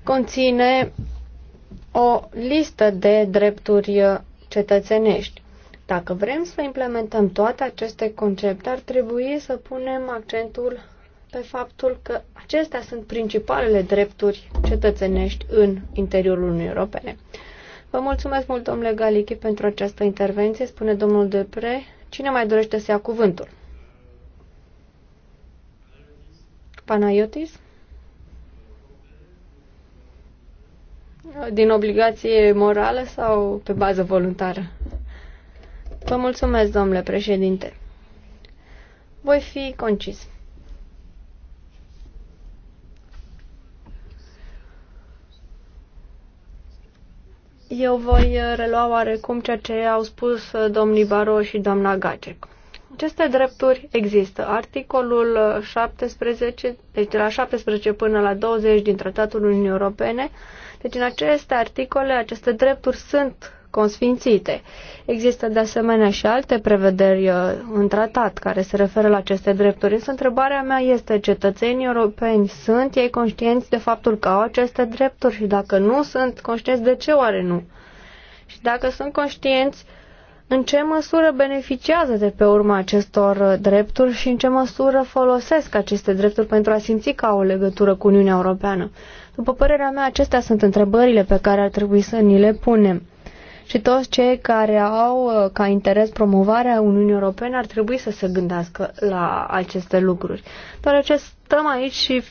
conține o listă de drepturi cetățenești. Dacă vrem să implementăm toate aceste concepte, ar trebui să punem accentul pe faptul că acestea sunt principalele drepturi cetățenești în interiorul Uniunii Europene. Vă mulțumesc mult, domnule Galichi, pentru această intervenție, spune domnul Depre. Cine mai dorește să ia cuvântul? Panayotis? Din obligație morală sau pe bază voluntară? Vă mulțumesc, domnule președinte. Voi fi concis. Eu voi relua oarecum ceea ce au spus domnii Baro și doamna Gacec. Aceste drepturi există. Articolul 17, deci de la 17 până la 20 din Tratatul Uniunii Europene, deci în aceste articole, aceste drepturi sunt consfințite. Există de asemenea și alte prevederi uh, în tratat care se referă la aceste drepturi, însă întrebarea mea este, cetățenii europeni sunt ei conștienți de faptul că au aceste drepturi și dacă nu sunt conștienți, de ce oare nu? Și dacă sunt conștienți, în ce măsură beneficiază de pe urma acestor uh, drepturi și în ce măsură folosesc aceste drepturi pentru a simți că au o legătură cu Uniunea Europeană? După părerea mea, acestea sunt întrebările pe care ar trebui să ni le punem. Și toți cei care au uh, ca interes promovarea Uniunii Europene ar trebui să se gândească la aceste lucruri. ce stăm aici și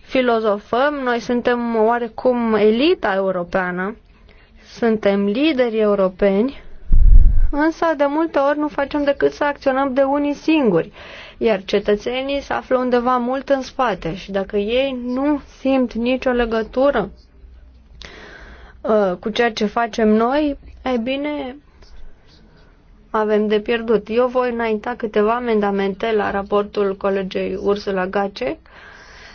filozofăm, noi suntem oarecum elita europeană, suntem lideri europeni, însă de multe ori nu facem decât să acționăm de unii singuri iar cetățenii se află undeva mult în spate și dacă ei nu simt nicio legătură uh, cu ceea ce facem noi, e bine, avem de pierdut. Eu voi înainta câteva amendamente la raportul colegei Ursula Gace.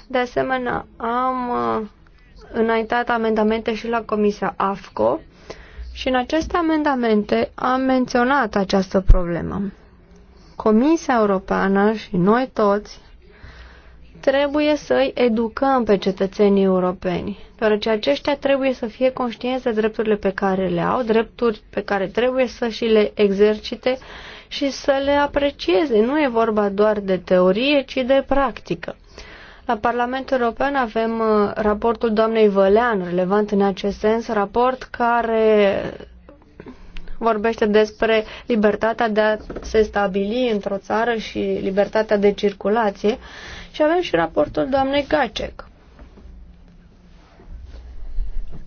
De asemenea, am uh, înaintat amendamente și la Comisia AFCO și în aceste amendamente am menționat această problemă. Comisia Europeană și noi toți trebuie să-i educăm pe cetățenii europeni, deoarece aceștia trebuie să fie conștienți de drepturile pe care le au, drepturi pe care trebuie să și le exercite și să le aprecieze. Nu e vorba doar de teorie, ci de practică. La Parlamentul European avem uh, raportul doamnei Vălean, relevant în acest sens, raport care vorbește despre libertatea de a se stabili într-o țară și libertatea de circulație și avem și raportul doamnei Gacek.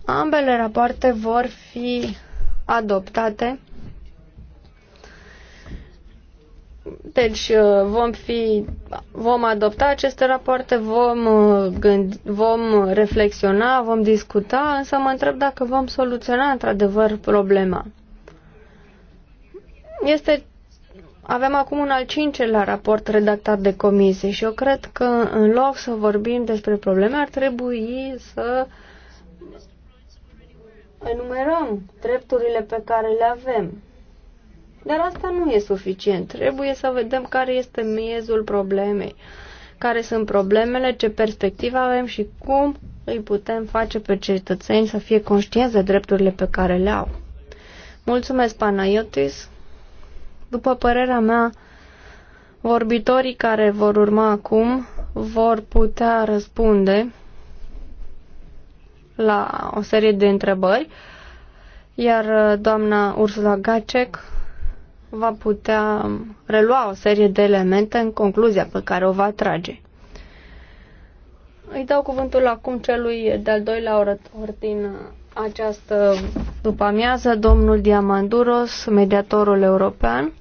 Ambele rapoarte vor fi adoptate. Deci uh, vom fi vom adopta aceste rapoarte, vom uh, gândi, vom reflexiona, vom discuta, însă mă întreb dacă vom soluționa într-adevăr problema. Este avem acum un al cincelea raport redactat de comisie și eu cred că în loc să vorbim despre probleme ar trebui să enumerăm drepturile pe care le avem. Dar asta nu e suficient. Trebuie să vedem care este miezul problemei, care sunt problemele, ce perspectivă avem și cum îi putem face pe cetățeni să fie conștienți de drepturile pe care le au. Mulțumesc, Panayotis! După părerea mea, vorbitorii care vor urma acum vor putea răspunde la o serie de întrebări, iar uh, doamna Ursula Gacek va putea um, relua o serie de elemente în concluzia pe care o va trage. Îi dau cuvântul acum celui de-al doilea orător din uh, această după-amiază domnul Diamanduros, mediatorul european.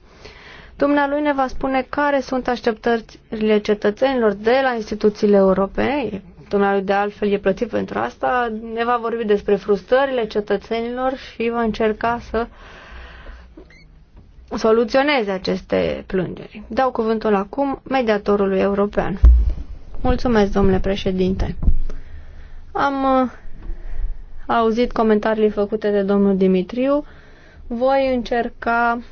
Dumnealui ne va spune care sunt așteptările cetățenilor de la instituțiile europene. Dumnealui de altfel e plătit pentru asta. Ne va vorbi despre frustrările cetățenilor și va încerca să soluționeze aceste plângeri. Dau cuvântul acum mediatorului european. Mulțumesc, domnule președinte. Am auzit comentariile făcute de domnul Dimitriu. Voi încerca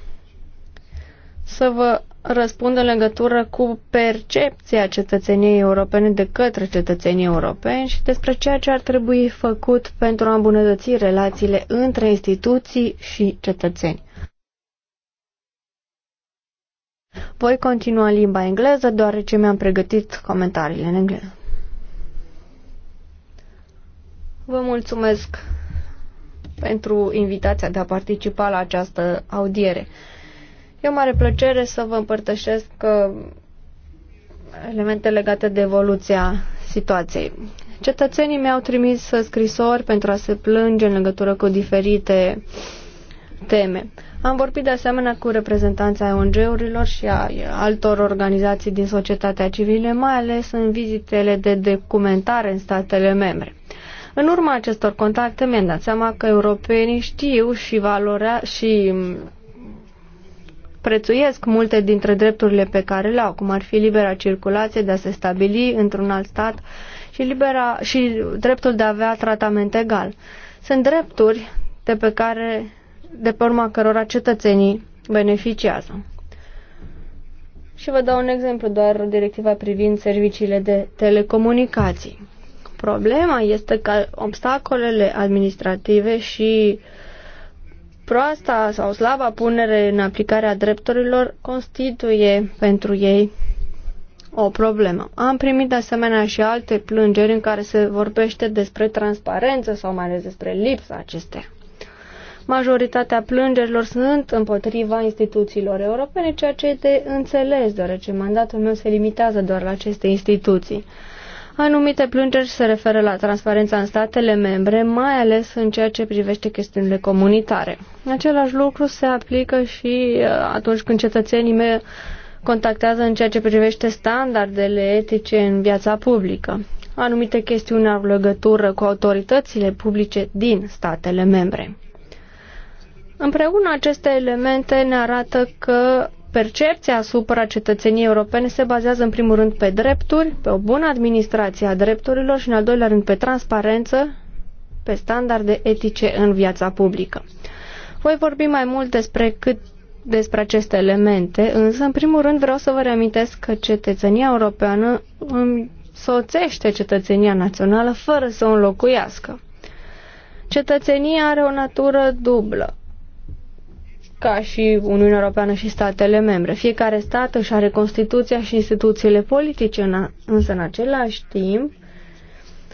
să vă răspund în legătură cu percepția cetățeniei europene de către cetățenii europeni și despre ceea ce ar trebui făcut pentru a îmbunătăți relațiile între instituții și cetățeni. Voi continua limba engleză, deoarece mi-am pregătit comentariile în engleză. Vă mulțumesc pentru invitația de a participa la această audiere. E o mare plăcere să vă împărtășesc uh, elemente legate de evoluția situației. Cetățenii mi-au trimis scrisori pentru a se plânge în legătură cu diferite teme. Am vorbit de asemenea cu reprezentanța ONG-urilor și a altor organizații din societatea civilă, mai ales în vizitele de documentare în statele membre. În urma acestor contacte mi-am dat seama că europenii știu și valorea și prețuiesc multe dintre drepturile pe care le au, cum ar fi libera circulație de a se stabili într-un alt stat și, libera, și dreptul de a avea tratament egal. Sunt drepturi de pe care, de pe urma cărora cetățenii beneficiază. Și vă dau un exemplu, doar directiva privind serviciile de telecomunicații. Problema este că obstacolele administrative și proasta sau slaba punere în aplicare a drepturilor constituie pentru ei o problemă. Am primit de asemenea și alte plângeri în care se vorbește despre transparență sau mai ales despre lipsa acestea. Majoritatea plângerilor sunt împotriva instituțiilor europene, ceea ce e de înțeles, deoarece mandatul meu se limitează doar la aceste instituții. Anumite plângeri se referă la transparența în statele membre, mai ales în ceea ce privește chestiunile comunitare. Același lucru se aplică și uh, atunci când cetățenii mei contactează în ceea ce privește standardele etice în viața publică. Anumite chestiuni au legătură cu autoritățile publice din statele membre. Împreună aceste elemente ne arată că Percepția asupra cetățeniei europene se bazează în primul rând pe drepturi, pe o bună administrație a drepturilor și în al doilea rând pe transparență, pe standarde etice în viața publică. Voi vorbi mai mult despre cât despre aceste elemente, însă în primul rând vreau să vă reamintesc că cetățenia europeană însoțește cetățenia națională fără să o înlocuiască. Cetățenia are o natură dublă ca și Uniunea Europeană și statele membre. Fiecare stat își are Constituția și instituțiile politice, însă în același timp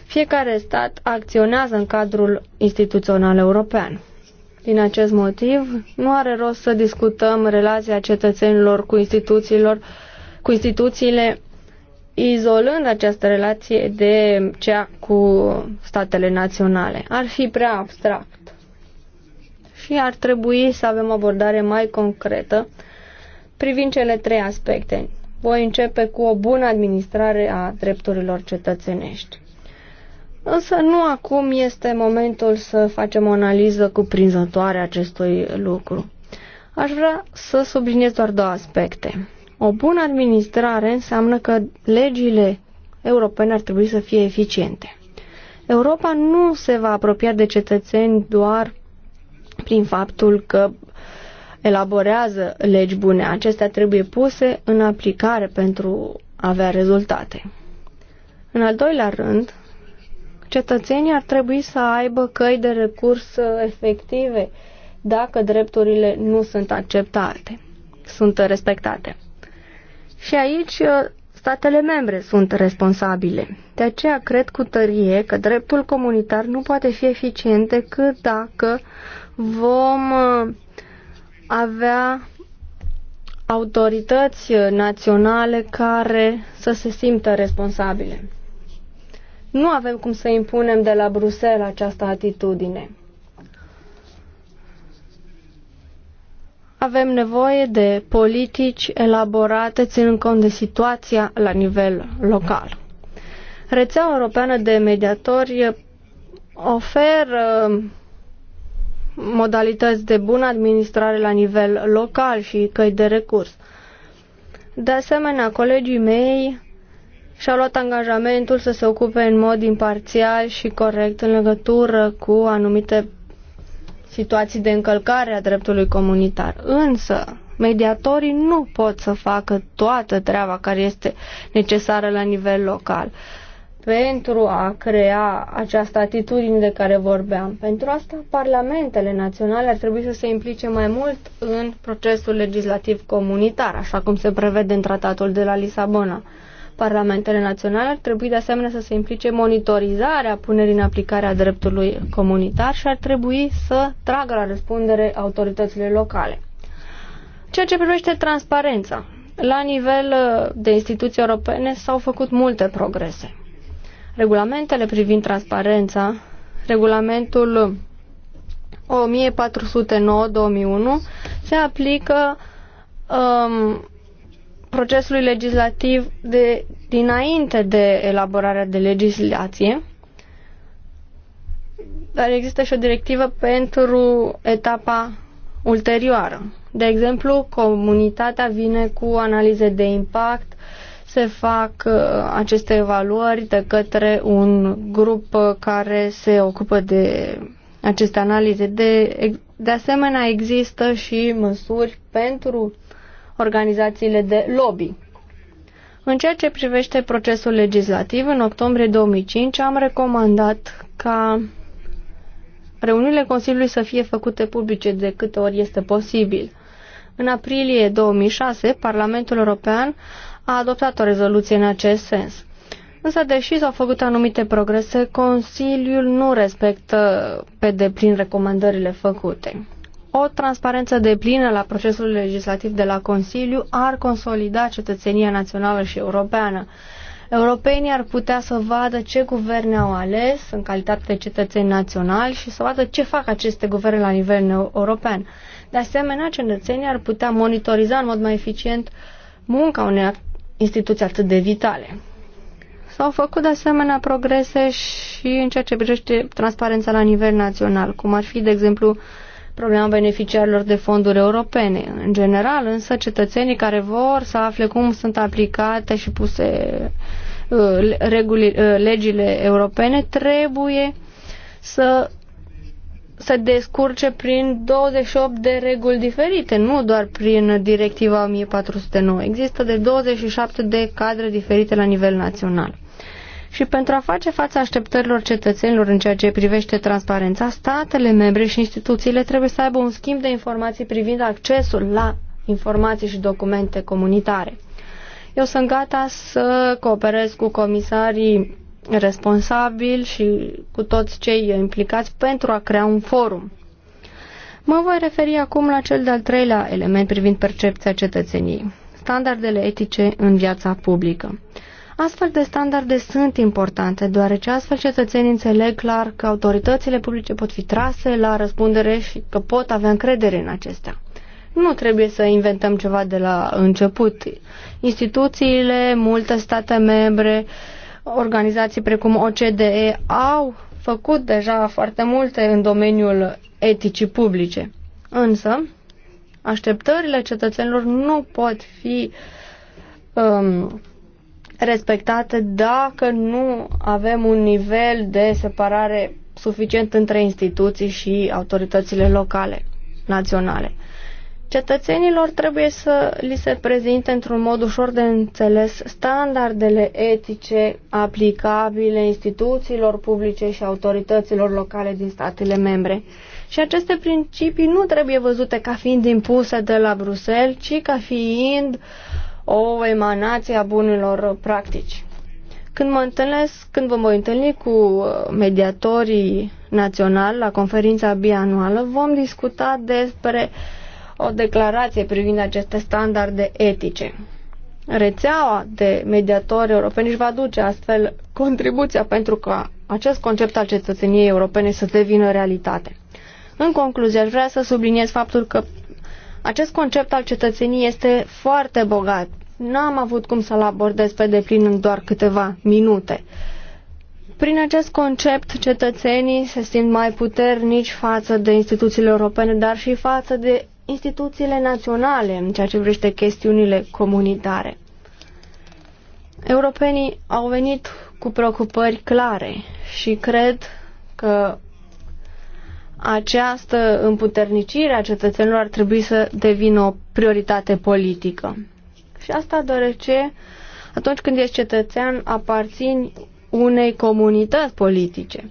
fiecare stat acționează în cadrul instituțional european. Din acest motiv, nu are rost să discutăm relația cetățenilor cu, instituțiilor, cu instituțiile, izolând această relație de cea cu statele naționale. Ar fi prea abstract și ar trebui să avem o abordare mai concretă privind cele trei aspecte. Voi începe cu o bună administrare a drepturilor cetățenești. Însă nu acum este momentul să facem o analiză cuprinzătoare acestui lucru. Aș vrea să subliniez doar două aspecte. O bună administrare înseamnă că legile europene ar trebui să fie eficiente. Europa nu se va apropia de cetățeni doar prin faptul că elaborează legi bune. Acestea trebuie puse în aplicare pentru a avea rezultate. În al doilea rând, cetățenii ar trebui să aibă căi de recurs efective dacă drepturile nu sunt acceptate, sunt respectate. Și aici uh, statele membre sunt responsabile. De aceea cred cu tărie că dreptul comunitar nu poate fi eficient decât dacă uh, vom uh, avea autorități naționale care să se simtă responsabile. Nu avem cum să impunem de la Bruxelles această atitudine. Avem nevoie de politici elaborate ținând cont de situația la nivel local. Rețeaua europeană de mediatori oferă modalități de bună administrare la nivel local și căi de recurs. De asemenea, colegii mei și-au luat angajamentul să se ocupe în mod imparțial și corect în legătură cu anumite situații de încălcare a dreptului comunitar. Însă, mediatorii nu pot să facă toată treaba care este necesară la nivel local pentru a crea această atitudine de care vorbeam. Pentru asta, parlamentele naționale ar trebui să se implice mai mult în procesul legislativ comunitar, așa cum se prevede în tratatul de la Lisabona. Parlamentele naționale ar trebui de asemenea să se implice monitorizarea punerii în aplicare a dreptului comunitar și ar trebui să tragă la răspundere autoritățile locale. Ceea ce privește transparența, la nivel uh, de instituții europene s-au făcut multe progrese. Regulamentele privind transparența, regulamentul 1409-2001, se aplică um, procesului legislativ de dinainte de elaborarea de legislație, dar există și o directivă pentru etapa ulterioară. De exemplu, comunitatea vine cu analize de impact, se fac uh, aceste evaluări de către un grup uh, care se ocupă de aceste analize. De, de asemenea, există și măsuri pentru organizațiile de lobby. În ceea ce privește procesul legislativ, în octombrie 2005 am recomandat ca reuniunile Consiliului să fie făcute publice de câte ori este posibil. În aprilie 2006, Parlamentul European a adoptat o rezoluție în acest sens. Însă, deși s-au făcut anumite progrese, Consiliul nu respectă pe deplin recomandările făcute. O transparență deplină la procesul legislativ de la Consiliu ar consolida cetățenia națională și europeană. Europenii ar putea să vadă ce guverne au ales în calitate de cetățeni naționali și să vadă ce fac aceste guverne la nivel european. De asemenea, cetățenii ar putea monitoriza în mod mai eficient munca unei instituții atât de vitale. S-au făcut de asemenea progrese și în ceea ce privește transparența la nivel național, cum ar fi, de exemplu, problema beneficiarilor de fonduri europene. În general, însă, cetățenii care vor să afle cum sunt aplicate și puse uh, reguli, uh, legile europene trebuie să să descurce prin 28 de reguli diferite, nu doar prin directiva 1409. Există de 27 de cadre diferite la nivel național. Și pentru a face față așteptărilor cetățenilor în ceea ce privește transparența, statele membre și instituțiile trebuie să aibă un schimb de informații privind accesul la informații și documente comunitare. Eu sunt gata să cooperez cu comisarii responsabil și cu toți cei implicați pentru a crea un forum. Mă voi referi acum la cel de-al treilea element privind percepția cetățeniei, standardele etice în viața publică. Astfel de standarde sunt importante, deoarece astfel cetățenii înțeleg clar că autoritățile publice pot fi trase la răspundere și că pot avea încredere în acestea. Nu trebuie să inventăm ceva de la început. Instituțiile, multe state membre, uh, Organizații precum OCDE au făcut deja foarte multe în domeniul eticii publice. Însă, așteptările cetățenilor nu pot fi um, respectate dacă nu avem un nivel de separare suficient între instituții și autoritățile locale, naționale. Cetățenilor trebuie să li se prezinte într-un mod ușor de înțeles standardele etice aplicabile instituțiilor publice și autorităților locale din statele membre. Și aceste principii nu trebuie văzute ca fiind impuse de la Bruxelles, ci ca fiind o emanație a bunilor practici. Când mă întâlnesc, când vă voi întâlni cu uh, mediatorii naționali la conferința bianuală, vom discuta despre uh, o declarație privind aceste standarde etice. Rețeaua de mediatori europeni își va duce astfel contribuția pentru ca acest concept al cetățeniei europene să devină realitate. În concluzie, aș vrea să subliniez faptul că acest concept al cetățeniei este foarte bogat. Nu am avut cum să-l abordez pe deplin în doar câteva minute. Prin acest concept, cetățenii se simt mai puternici față de instituțiile europene, dar și față de instituțiile naționale în ceea ce privește chestiunile comunitare. Europenii au venit cu preocupări clare și cred că această împuternicire a cetățenilor ar trebui să devină o prioritate politică. Și asta deoarece atunci când ești cetățean aparțin unei comunități politice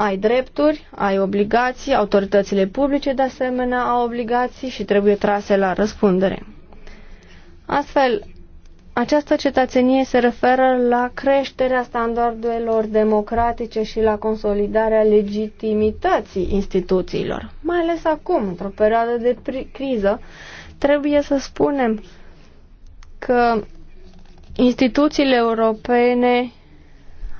ai drepturi, ai obligații, autoritățile publice de asemenea au obligații și trebuie trase la răspundere. Astfel, această cetățenie se referă la creșterea standardelor democratice și la consolidarea legitimității instituțiilor. Mai ales acum, într-o perioadă de criză, trebuie să spunem că instituțiile europene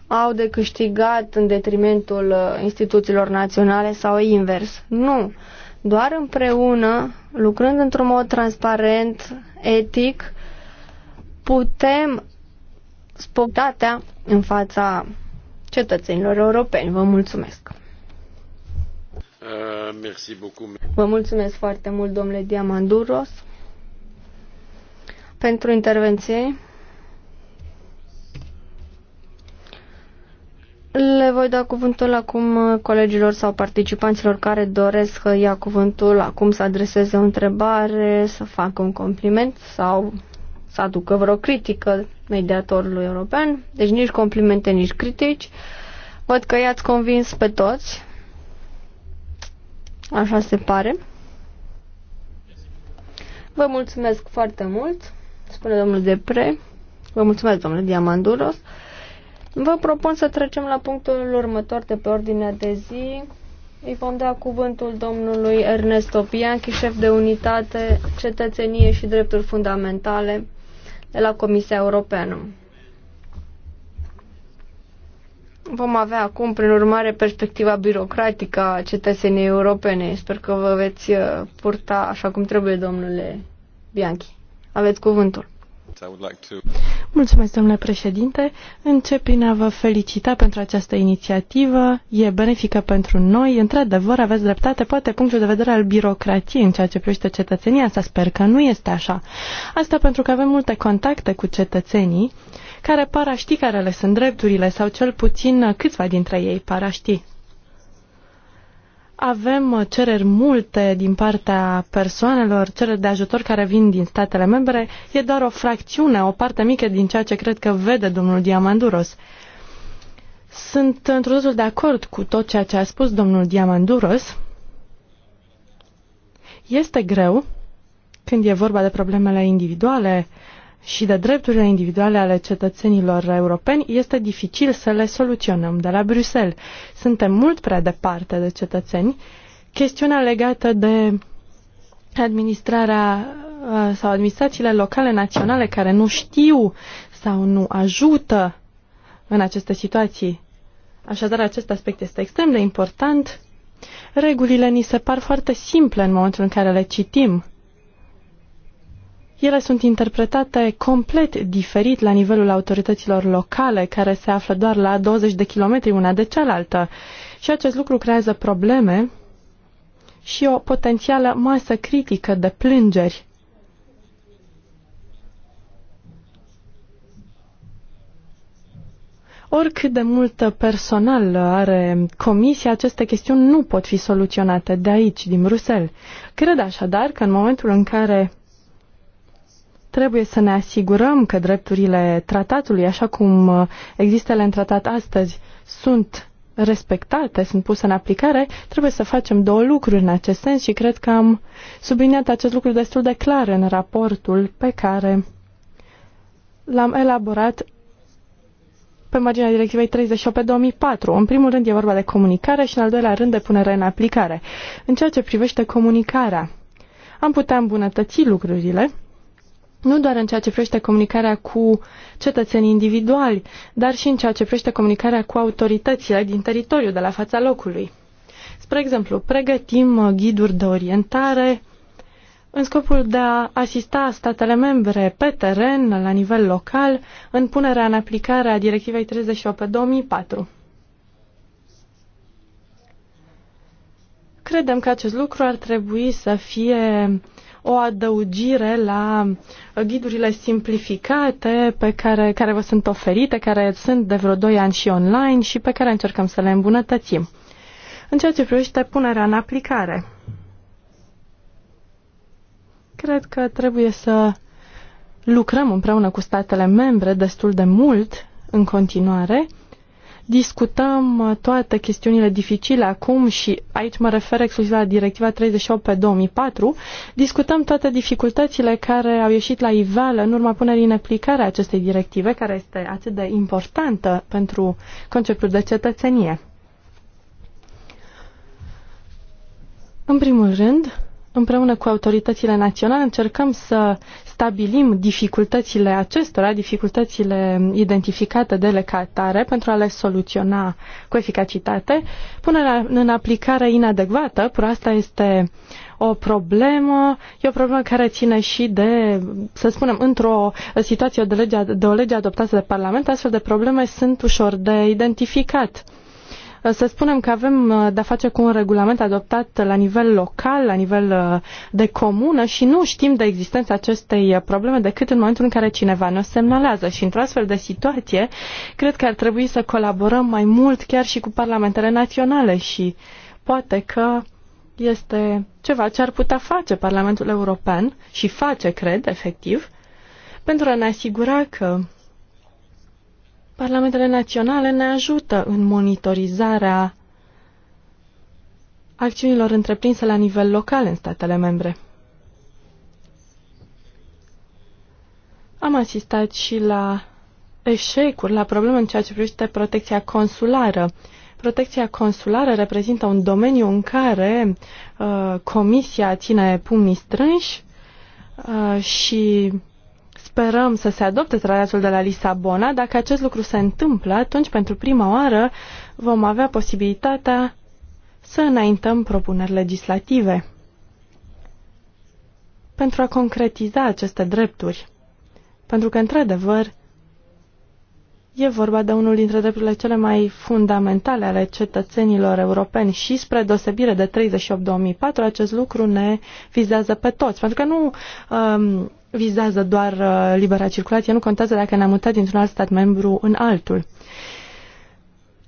au de câștigat în detrimentul uh, instituțiilor naționale sau invers. Nu. Doar împreună, lucrând într-un mod transparent, etic, putem spoptatea în fața cetățenilor europeni. Vă mulțumesc! Uh, Vă mulțumesc foarte mult, domnule Diamanduros, pentru intervenție. Le voi da cuvântul acum uh, colegilor sau participanților care doresc să ia cuvântul, acum să adreseze o întrebare, să facă un compliment sau să aducă vreo critică mediatorului european. Deci nici complimente, nici critici. Văd că i-ați convins pe toți. Așa se pare. Vă mulțumesc foarte mult, spune domnul Depre. Vă mulțumesc, domnule Diamanduros. Vă propun să trecem la punctul următor de pe ordinea de zi. Îi vom da cuvântul domnului Ernesto Bianchi, șef de unitate, cetățenie și drepturi fundamentale de la Comisia Europeană. Vom avea acum, prin urmare, perspectiva birocratică a cetățeniei europene. Sper că vă veți uh, purta așa cum trebuie, domnule Bianchi. Aveți cuvântul. Mulțumesc, domnule președinte. Încep prin a vă felicita pentru această inițiativă. E benefică pentru noi. Într-adevăr, aveți dreptate, poate punctul de vedere al birocratiei în ceea ce privește cetățenia. Asta sper că nu este așa. Asta pentru că avem multe contacte cu cetățenii care par a ști care le sunt drepturile sau cel puțin câțiva dintre ei par a ști avem uh, cereri multe din partea persoanelor, cereri de ajutor care vin din statele membre. E doar o fracțiune, o parte mică din ceea ce cred că vede domnul Diamanduros. Sunt într totul de acord cu tot ceea ce a spus domnul Diamanduros. Este greu când e vorba de problemele individuale, și de drepturile individuale ale cetățenilor europeni, este dificil să le soluționăm de la Bruxelles. Suntem mult prea departe de cetățeni. Chestiunea legată de administrarea uh, sau administrațiile locale naționale care nu știu sau nu ajută în aceste situații. Așadar, acest aspect este extrem de important. Regulile ni se par foarte simple în momentul în care le citim ele sunt interpretate complet diferit la nivelul autorităților locale, care se află doar la 20 de kilometri una de cealaltă. Și acest lucru creează probleme și o potențială masă critică de plângeri. Oricât de mult personal are comisia, aceste chestiuni nu pot fi soluționate de aici, din Bruxelles. Cred așadar că în momentul în care Trebuie să ne asigurăm că drepturile tratatului, așa cum uh, există în tratat astăzi, sunt respectate, sunt puse în aplicare, trebuie să facem două lucruri în acest sens și cred că am subliniat acest lucru destul de clar în raportul pe care l-am elaborat pe marginea directivei 38 pe 2004. În primul rând e vorba de comunicare și în al doilea rând de punere în aplicare. În ceea ce privește comunicarea, am putea îmbunătăți lucrurile nu doar în ceea ce privește comunicarea cu cetățenii individuali, dar și în ceea ce privește comunicarea cu autoritățile din teritoriu, de la fața locului. Spre exemplu, pregătim ghiduri de orientare în scopul de a asista statele membre pe teren, la nivel local, în punerea în aplicare a Directivei 38 pe 2004. Credem că acest lucru ar trebui să fie o adăugire la ghidurile simplificate pe care, care vă sunt oferite, care sunt de vreo 2 ani și online și pe care încercăm să le îmbunătățim. În ceea ce privește punerea în aplicare, cred că trebuie să lucrăm împreună cu statele membre destul de mult în continuare discutăm uh, toate chestiunile dificile acum și aici mă refer exclusiv la directiva 38 pe 2004, discutăm toate dificultățile care au ieșit la iveală în urma punerii în aplicare a acestei directive, care este atât de importantă pentru conceptul de cetățenie. În primul rând, Împreună cu autoritățile naționale încercăm să stabilim dificultățile acestora, dificultățile identificate de le pentru a le soluționa cu eficacitate. Punerea în aplicare inadecvată, pur asta este o problemă, e o problemă care ține și de, să spunem, într-o situație de, lege, de o lege adoptată de Parlament, astfel de probleme sunt ușor de identificat să spunem că avem uh, de-a face cu un regulament adoptat la nivel local, la nivel uh, de comună și nu știm de existența acestei uh, probleme decât în momentul în care cineva ne semnalează. Și într-o astfel de situație, cred că ar trebui să colaborăm mai mult chiar și cu parlamentele naționale și poate că este ceva ce ar putea face Parlamentul European și face, cred, efectiv, pentru a ne asigura că Parlamentele naționale ne ajută în monitorizarea acțiunilor întreprinse la nivel local în statele membre. Am asistat și la eșecuri, la probleme în ceea ce privește protecția consulară. Protecția consulară reprezintă un domeniu în care uh, Comisia ține pumnii strânși uh, și sperăm să se adopte tratatul de la Lisabona. Dacă acest lucru se întâmplă, atunci pentru prima oară vom avea posibilitatea să înaintăm propuneri legislative pentru a concretiza aceste drepturi. Pentru că, într-adevăr, e vorba de unul dintre drepturile cele mai fundamentale ale cetățenilor europeni și spre deosebire de 38-2004, acest lucru ne vizează pe toți. Pentru că nu um, vizează doar uh, libera circulație, nu contează dacă ne-am mutat dintr-un alt stat membru în altul.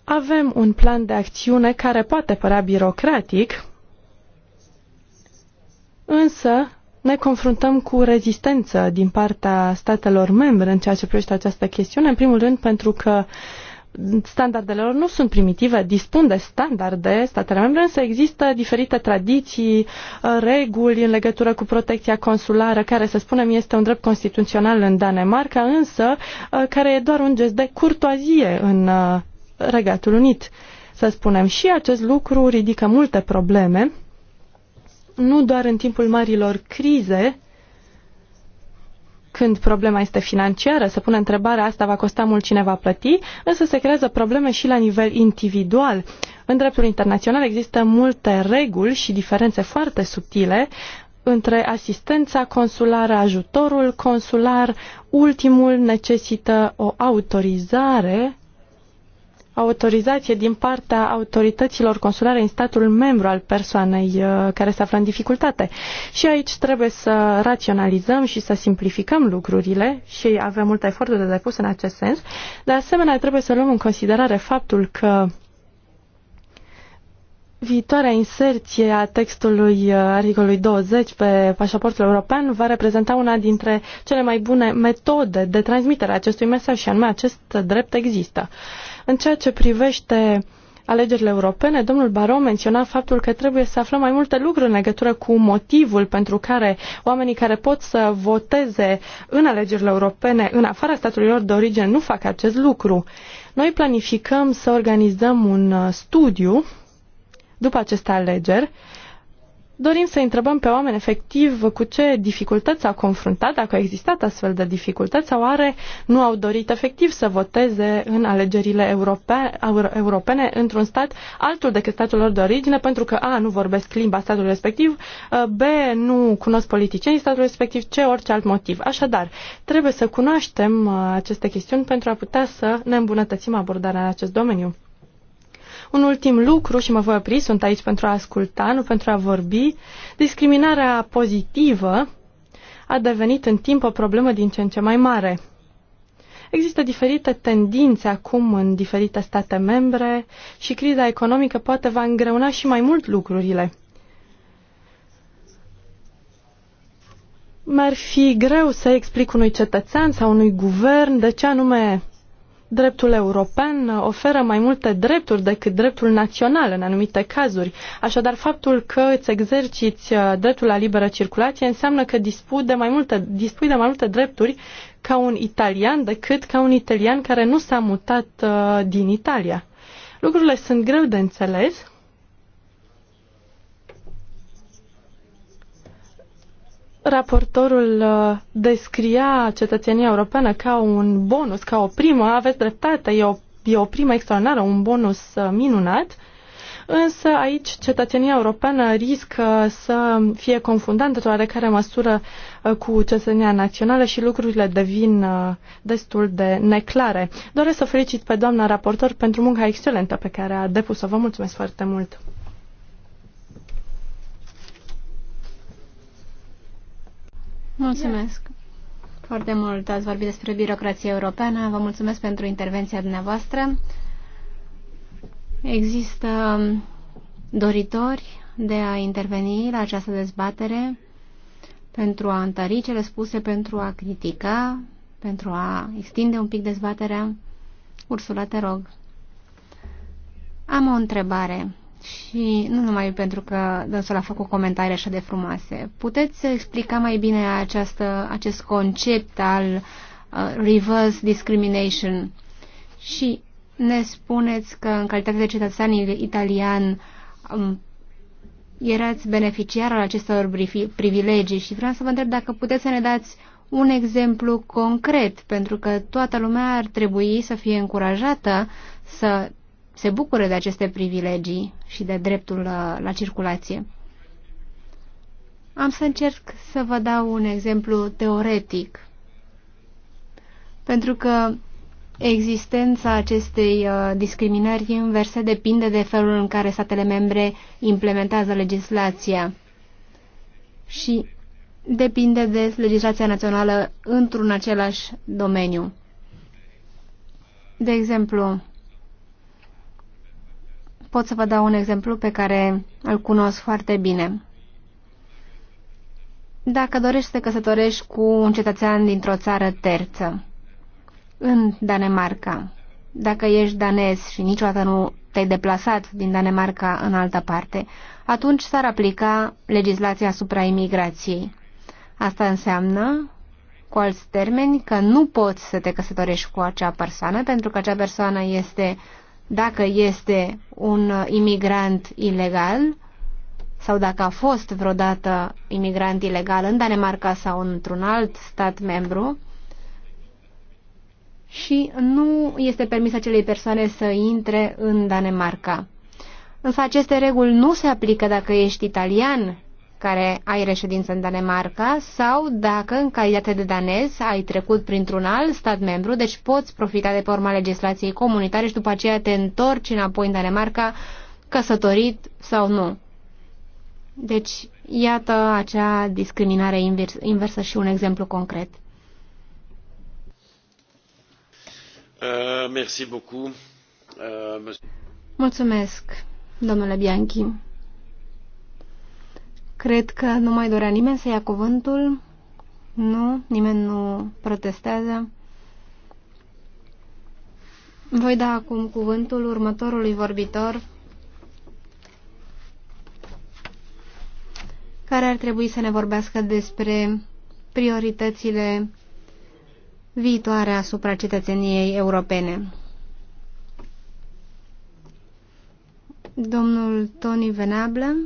Avem un plan de acțiune care poate părea birocratic, însă ne confruntăm cu rezistență din partea statelor membre în ceea ce privește această chestiune, în primul rând pentru că uh, standardele lor nu sunt primitive, dispun de standarde statele membre, însă există diferite tradiții, uh, reguli în legătură cu protecția consulară, care, să spunem, este un drept constituțional în Danemarca, însă uh, care e doar un gest de curtoazie în uh, Regatul Unit, să spunem. Și acest lucru ridică multe probleme, nu doar în timpul marilor crize, când problema este financiară, se pune întrebarea asta va costa mult cine va plăti, însă se creează probleme și la nivel individual. În dreptul internațional există multe reguli și diferențe foarte subtile între asistența consulară, ajutorul consular, ultimul necesită o autorizare autorizație din partea autorităților consulare în statul membru al persoanei uh, care se află în dificultate. Și aici trebuie să raționalizăm și să simplificăm lucrurile și avem multe eforturi de depus în acest sens. De asemenea, trebuie să luăm în considerare faptul că Viitoarea inserție a textului uh, articolului 20 pe pașaportul european va reprezenta una dintre cele mai bune metode de transmitere a acestui mesaj și anume acest drept există. În ceea ce privește alegerile europene, domnul Baro menționa faptul că trebuie să aflăm mai multe lucruri în legătură cu motivul pentru care oamenii care pot să voteze în alegerile europene în afara statului lor de origine nu fac acest lucru. Noi planificăm să organizăm un uh, studiu după aceste alegeri Dorim să întrebăm pe oameni efectiv cu ce dificultăți au confruntat, dacă au existat astfel de dificultăți sau are nu au dorit efectiv să voteze în alegerile europene, europene într-un stat altul decât statul lor de origine pentru că A. nu vorbesc limba statului respectiv, ă, B. nu cunosc politicienii statului respectiv, ce orice alt motiv. Așadar, trebuie să cunoaștem ă, aceste chestiuni pentru a putea să ne îmbunătățim abordarea în acest domeniu. Un ultim lucru, și mă voi opri, sunt aici pentru a asculta, nu pentru a vorbi. Discriminarea pozitivă a devenit în timp o problemă din ce în ce mai mare. Există diferite tendințe acum în diferite state membre și criza economică poate va îngreuna și mai mult lucrurile. Mi-ar fi greu să explic unui cetățean sau unui guvern de ce anume Dreptul european oferă mai multe drepturi decât dreptul național în anumite cazuri. Așadar, faptul că îți exerciți uh, dreptul la liberă circulație înseamnă că dispui de mai multe, dispui de mai multe drepturi ca un italian decât ca un italian care nu s-a mutat uh, din Italia. Lucrurile sunt greu de înțeles Raportorul uh, descria cetățenia europeană ca un bonus, ca o primă, aveți dreptate, e o, e o primă extraordinară, un bonus uh, minunat, însă aici cetățenia europeană riscă să fie confundată într-o oarecare măsură uh, cu cetățenia națională și lucrurile devin destul de neclare. Doresc să felicit pe doamna raportor pentru munca excelentă pe care a depus-o. Vă mulțumesc foarte mult! Mulțumesc foarte mult. Ați vorbit despre birocrația europeană. Vă mulțumesc pentru intervenția dumneavoastră. Există doritori de a interveni la această dezbatere pentru a întări cele spuse, pentru a critica, pentru a extinde un pic dezbaterea. Ursula, te rog. Am o întrebare și nu numai pentru că dânsul a făcut comentarii așa de frumoase. Puteți explica mai bine această, acest concept al uh, reverse discrimination și ne spuneți că în calitate de cetățean italian um, erați beneficiar al acestor privilegii și vreau să vă întreb dacă puteți să ne dați un exemplu concret, pentru că toată lumea ar trebui să fie încurajată să se bucură de aceste privilegii și de dreptul la, uh, la circulație. Am să încerc să vă dau un exemplu teoretic, pentru că existența acestei uh, discriminări inverse depinde de felul în care statele membre implementează legislația și depinde de legislația națională într-un același domeniu. De exemplu, pot să vă dau un exemplu pe care îl cunosc foarte bine. Dacă dorești să te căsătorești cu un cetățean dintr-o țară terță, în Danemarca, dacă ești danez și niciodată nu te-ai deplasat din Danemarca în altă parte, atunci s-ar aplica legislația asupra imigrației. Asta înseamnă, cu alți termeni, că nu poți să te căsătorești cu acea persoană pentru că acea persoană este dacă este un uh, imigrant ilegal sau dacă a fost vreodată imigrant ilegal în Danemarca sau într-un alt stat membru și nu este permis acelei persoane să intre în Danemarca. Însă aceste reguli nu se aplică dacă ești italian care ai reședință în Danemarca sau dacă în calitate de danez ai trecut printr-un alt stat membru, deci poți profita de pe urma legislației comunitare și după aceea te întorci înapoi în Danemarca căsătorit sau nu. Deci, iată acea discriminare invers, inversă și un exemplu concret. Uh, merci beaucoup. Uh, Mulțumesc, domnule Bianchi. Cred că nu mai dorea nimeni să ia cuvântul. Nu, nimeni nu protestează. Voi da acum cuvântul următorului vorbitor, care ar trebui să ne vorbească despre prioritățile viitoare asupra cetățeniei europene. Domnul Tony Venable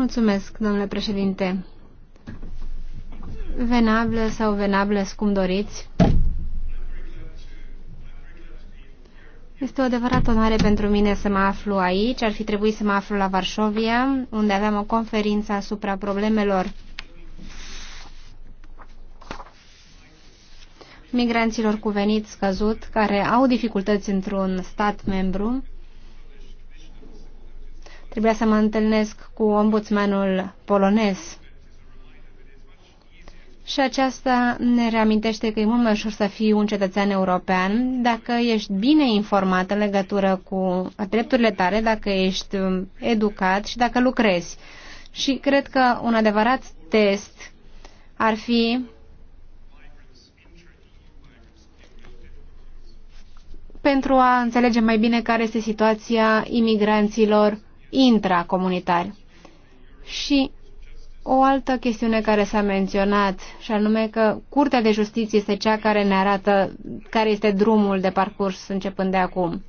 Mulțumesc, domnule președinte. Venable sau venables, cum doriți. Este o adevărată onoare pentru mine să mă aflu aici. Ar fi trebuit să mă aflu la Varșovia, unde aveam o conferință asupra problemelor migranților cu venit scăzut, care au dificultăți într-un stat membru Trebuia să mă întâlnesc cu ombudsmanul polonez. Și aceasta ne reamintește că e mult mai ușor să fii un cetățean european dacă ești bine informat în legătură cu drepturile tale, dacă ești um, educat și dacă lucrezi. Și cred că un adevărat test ar fi pentru a înțelege mai bine care este situația imigranților intracomunitari. Și o altă chestiune care s-a menționat, și anume că Curtea de Justiție este cea care ne arată care este drumul de parcurs începând de acum.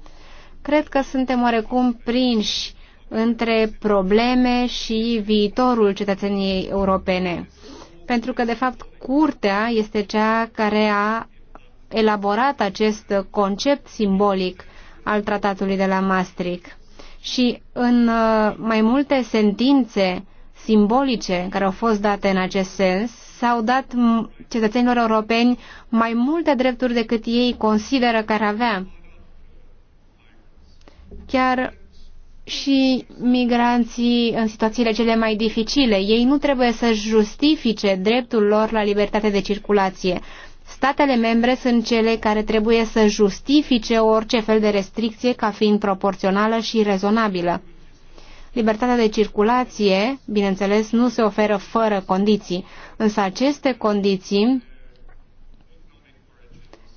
Cred că suntem oarecum prinși între probleme și viitorul cetățeniei europene. Pentru că, de fapt, Curtea este cea care a elaborat acest concept simbolic al tratatului de la Maastricht și în uh, mai multe sentințe simbolice care au fost date în acest sens, s-au dat cetățenilor europeni mai multe drepturi decât ei consideră că ar avea. Chiar și migranții în situațiile cele mai dificile. Ei nu trebuie să justifice dreptul lor la libertate de circulație. Statele membre sunt cele care trebuie să justifice orice fel de restricție ca fiind proporțională și rezonabilă. Libertatea de circulație, bineînțeles, nu se oferă fără condiții, însă aceste condiții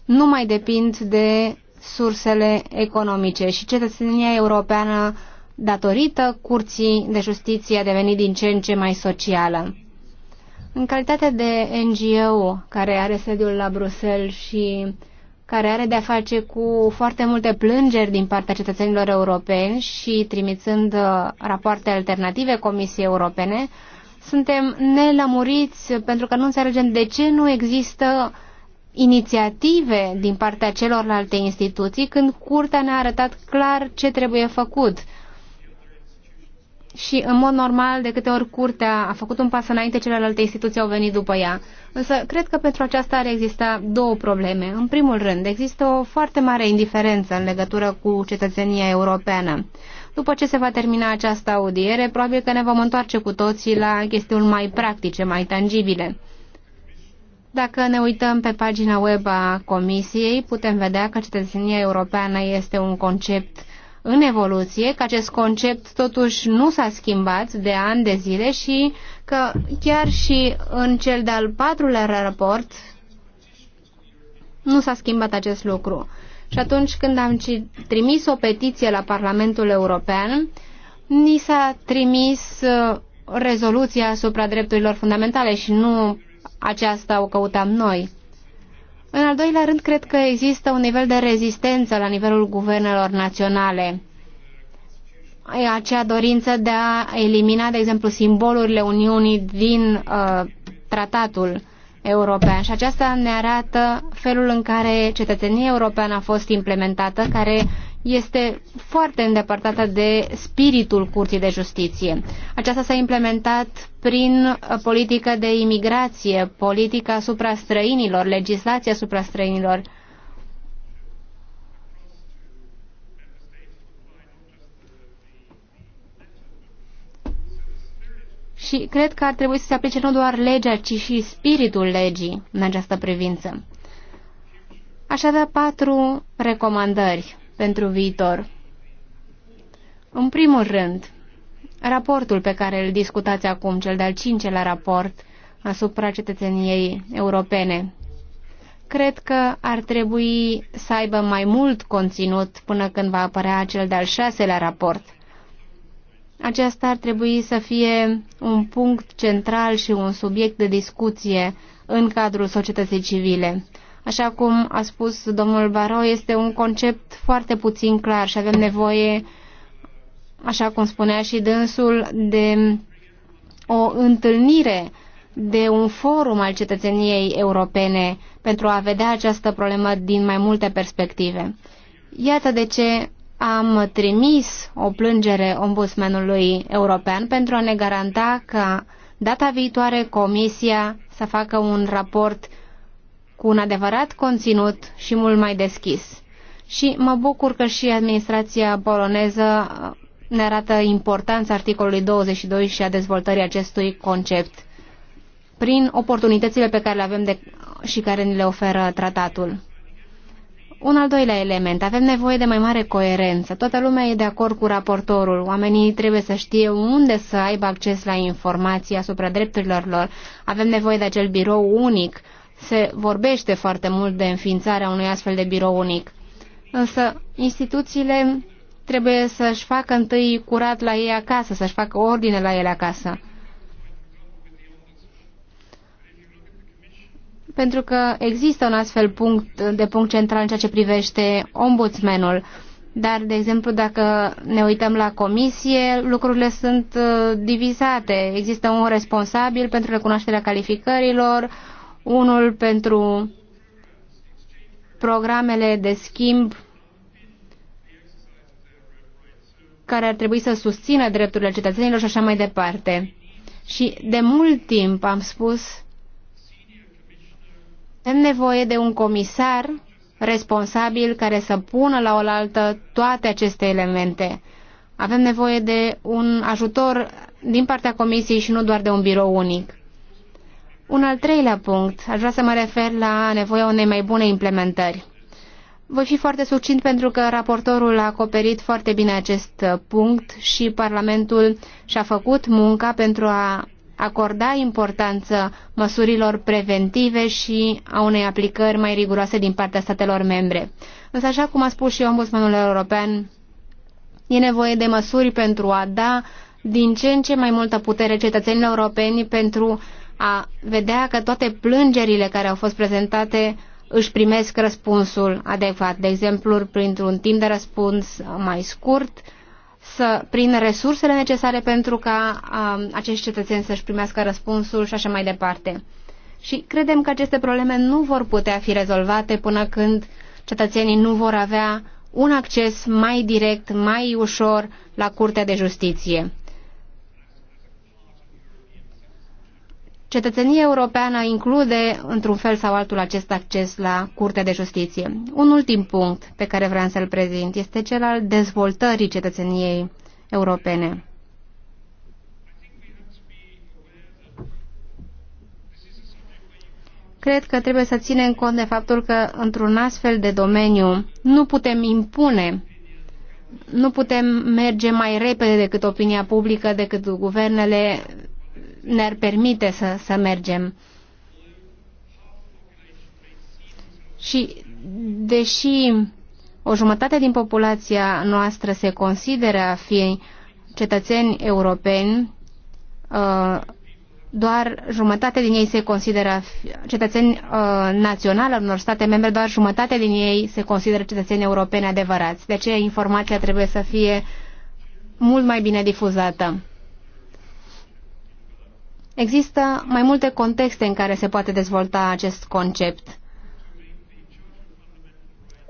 nu mai depind de sursele economice și cetățenia europeană, datorită curții de justiție, a devenit din ce în ce mai socială. În calitate de NGO care are sediul la Bruxelles și care are de-a face cu foarte multe plângeri din partea cetățenilor europeni și trimițând uh, rapoarte alternative Comisiei Europene, suntem nelămuriți pentru că nu înțelegem de ce nu există inițiative din partea celorlalte instituții când curtea ne-a arătat clar ce trebuie făcut și, în mod normal, de câte ori curtea a făcut un pas înainte, celelalte instituții au venit după ea. Însă, cred că pentru aceasta ar exista două probleme. În primul rând, există o foarte mare indiferență în legătură cu cetățenia europeană. După ce se va termina această audiere, probabil că ne vom întoarce cu toții la chestiuni mai practice, mai tangibile. Dacă ne uităm pe pagina web a Comisiei, putem vedea că cetățenia europeană este un concept uh, în evoluție, că acest concept totuși nu s-a schimbat de ani de zile și că chiar și în cel de-al patrulea raport nu s-a schimbat acest lucru. Și atunci când am trimis o petiție la Parlamentul European, ni s-a trimis uh, rezoluția asupra drepturilor fundamentale și nu aceasta o căutam noi. În al doilea rând, cred că există un nivel de rezistență la nivelul guvernelor naționale. Acea dorință de a elimina, de exemplu, simbolurile Uniunii din uh, tratatul european și aceasta ne arată felul în care cetățenia europeană a fost implementată, care este foarte îndepărtată de spiritul Curții de Justiție. Aceasta s-a implementat prin politică de imigrație, politica asupra străinilor, legislația asupra străinilor. Și cred că ar trebui să se aplice nu doar legea, ci și spiritul legii în această privință. Aș avea patru recomandări pentru viitor. În primul rând, raportul pe care îl discutați acum, cel de-al cincelea raport asupra cetățeniei europene, cred că ar trebui să aibă mai mult conținut până când va apărea cel de-al șaselea raport. Aceasta ar trebui să fie un punct central și un subiect de discuție în cadrul societății civile așa cum a spus domnul Baro, este un concept foarte puțin clar și avem nevoie, așa cum spunea și dânsul, de o întâlnire de un forum al cetățeniei europene pentru a vedea această problemă din mai multe perspective. Iată de ce am trimis o plângere ombudsmanului european pentru a ne garanta că data viitoare Comisia să facă un raport cu un adevărat conținut și mult mai deschis. Și mă bucur că și administrația poloneză uh, ne arată importanța articolului 22 și a dezvoltării acestui concept prin oportunitățile pe care le avem de, și care ni le oferă tratatul. Un al doilea element. Avem nevoie de mai mare coerență. Toată lumea e de acord cu raportorul. Oamenii trebuie să știe unde să aibă acces la informații asupra drepturilor lor. Avem nevoie de acel birou unic se vorbește foarte mult de înființarea unui astfel de birou unic. Însă instituțiile trebuie să-și facă întâi curat la ei acasă, să-și facă ordine la ele acasă. Pentru că există un astfel punct de punct central în ceea ce privește ombudsmanul. Dar, de exemplu, dacă ne uităm la comisie, lucrurile sunt uh, divizate. Există un responsabil pentru recunoașterea calificărilor, unul pentru programele de schimb care ar trebui să susțină drepturile cetățenilor și așa mai departe. Și de mult timp am spus avem nevoie de un comisar responsabil care să pună la oaltă toate aceste elemente. Avem nevoie de un ajutor din partea comisiei și nu doar de un birou unic. Un al treilea punct, aș vrea să mă refer la nevoia unei mai bune implementări. Voi fi foarte succint pentru că raportorul a acoperit foarte bine acest uh, punct și Parlamentul și-a făcut munca pentru a acorda importanță măsurilor preventive și a unei aplicări mai riguroase din partea statelor membre. Însă, așa cum a spus și ombudsmanul european, e nevoie de măsuri pentru a da din ce în ce mai multă putere cetățenilor europeni pentru a vedea că toate plângerile care au fost prezentate își primesc răspunsul adecvat, de exemplu, printr-un timp de răspuns mai scurt, să, prin resursele necesare pentru ca um, acești cetățeni să-și primească răspunsul și așa mai departe. Și credem că aceste probleme nu vor putea fi rezolvate până când cetățenii nu vor avea un acces mai direct, mai ușor la Curtea de Justiție. Cetățenia europeană include, într-un fel sau altul, acest acces la Curtea de Justiție. Un ultim punct pe care vreau să-l prezint este cel al dezvoltării cetățeniei europene. Cred că trebuie să ținem cont de faptul că într-un astfel de domeniu nu putem impune nu putem merge mai repede decât opinia publică, decât guvernele ne-ar permite să, să mergem. Și deși o jumătate din populația noastră se consideră a fi cetățeni europeni, uh, doar jumătate din ei se consideră cetățeni uh, naționali al unor state membre, doar jumătate din ei se consideră cetățeni europeni adevărați. De aceea informația trebuie să fie mult mai bine difuzată. Există mai multe contexte în care se poate dezvolta acest concept.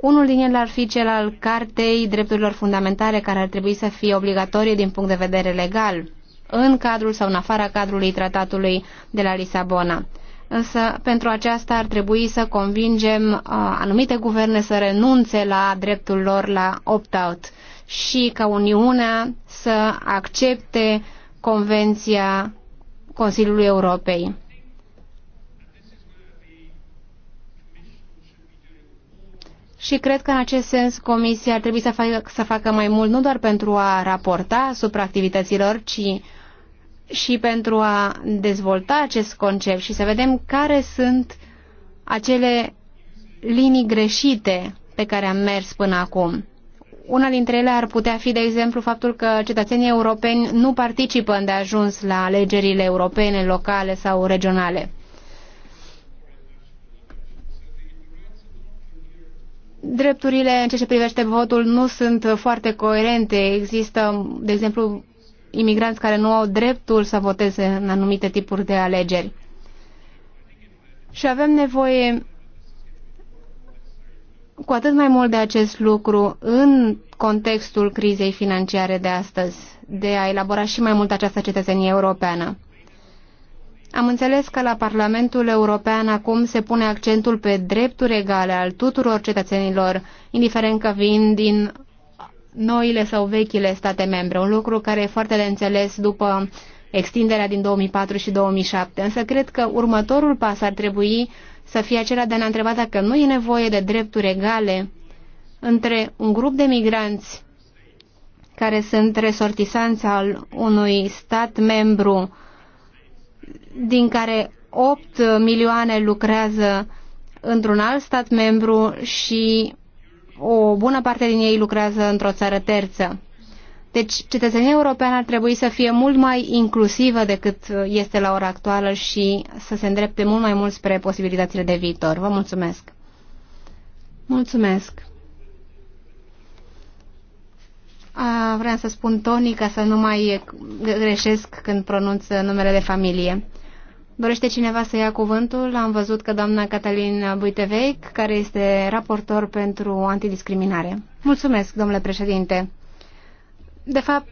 Unul din ele ar fi cel al Cartei Drepturilor Fundamentale, care ar trebui să fie obligatorie din punct de vedere legal, în cadrul sau în afara cadrului tratatului de la Lisabona. Însă, pentru aceasta ar trebui să convingem uh, anumite guverne să renunțe la dreptul lor la opt-out și ca Uniunea să accepte Convenția Consiliului Europei. Și cred că în acest sens Comisia ar trebui să facă, să facă mai mult, nu doar pentru a raporta asupra activităților, ci și pentru a dezvolta acest concept și să vedem care sunt acele linii greșite pe care am mers până acum. Una dintre ele ar putea fi, de exemplu, faptul că cetățenii europeni nu participă îndeajuns la alegerile europene, locale sau regionale. drepturile în ceea ce privește votul nu sunt foarte coerente. Există, de exemplu, imigranți care nu au dreptul să voteze în anumite tipuri de alegeri. Și avem nevoie cu atât mai mult de acest lucru în contextul crizei financiare de astăzi, de a elabora și mai mult această cetățenie europeană. Am înțeles că la Parlamentul European acum se pune accentul pe drepturi egale al tuturor cetățenilor, indiferent că vin din noile sau vechile state membre, un lucru care e foarte de înțeles după extinderea din 2004 și 2007. Însă cred că următorul pas ar trebui să fie acela de a ne întreba dacă nu e nevoie de drepturi egale între un grup de migranți care sunt resortisanți al unui stat membru din care 8 milioane lucrează într-un alt stat membru și o bună parte din ei lucrează într-o țară terță. Deci, cetățenia europeană ar trebui să fie mult mai inclusivă decât este la ora actuală și să se îndrepte mult mai mult spre posibilitățile de viitor. Vă mulțumesc! Mulțumesc! A, vreau să spun Toni, ca să nu mai greșesc când pronunț numele de familie. Dorește cineva să ia cuvântul? Am văzut că doamna Catalin Buiteveic, care este raportor pentru antidiscriminare. Mulțumesc, domnule președinte! De fapt,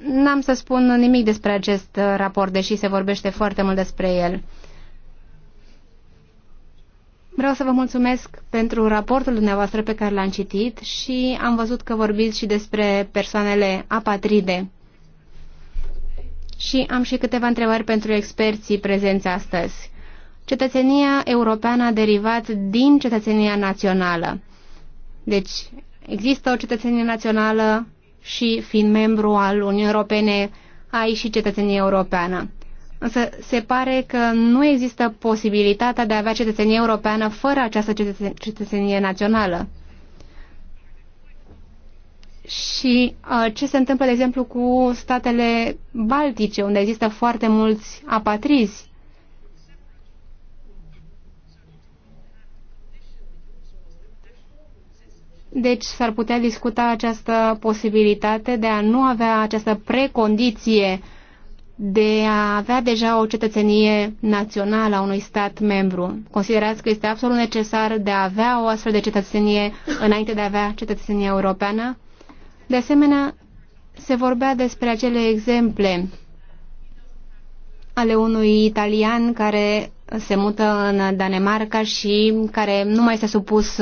n-am să spun nimic despre acest uh, raport, deși se vorbește foarte mult despre el. Vreau să vă mulțumesc pentru raportul dumneavoastră pe care l-am citit și am văzut că vorbiți și despre persoanele apatride. Și am și câteva întrebări pentru experții prezenți astăzi. Cetățenia europeană a derivat din cetățenia națională. Deci, există o cetățenie națională și fiind membru al Uniunii Europene, ai și cetățenie europeană. Însă se pare că nu există posibilitatea de a avea cetățenie europeană fără această cetățenie națională. Și uh, ce se întâmplă, de exemplu, cu statele baltice, unde există foarte mulți apatrizi? Deci s-ar putea discuta această posibilitate de a nu avea această precondiție de a avea deja o cetățenie națională a unui stat membru. Considerați că este absolut necesar de a avea o astfel de cetățenie înainte de a avea cetățenie europeană? De asemenea, se vorbea despre acele exemple ale unui italian care se mută în Danemarca și care nu mai este supus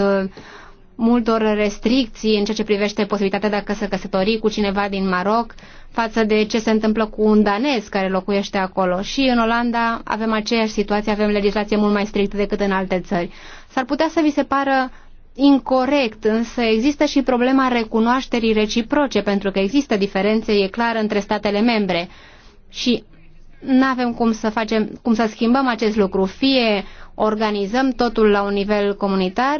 multor restricții în ceea ce privește posibilitatea de a se căsători cu cineva din Maroc față de ce se întâmplă cu un danez care locuiește acolo. Și în Olanda avem aceeași situație, avem legislație mult mai strictă decât în alte țări. S-ar putea să vi se pară incorrect, însă există și problema recunoașterii reciproce, pentru că există diferențe, e clar, între statele membre. Și nu avem cum să facem, cum să schimbăm acest lucru. Fie organizăm totul la un nivel comunitar,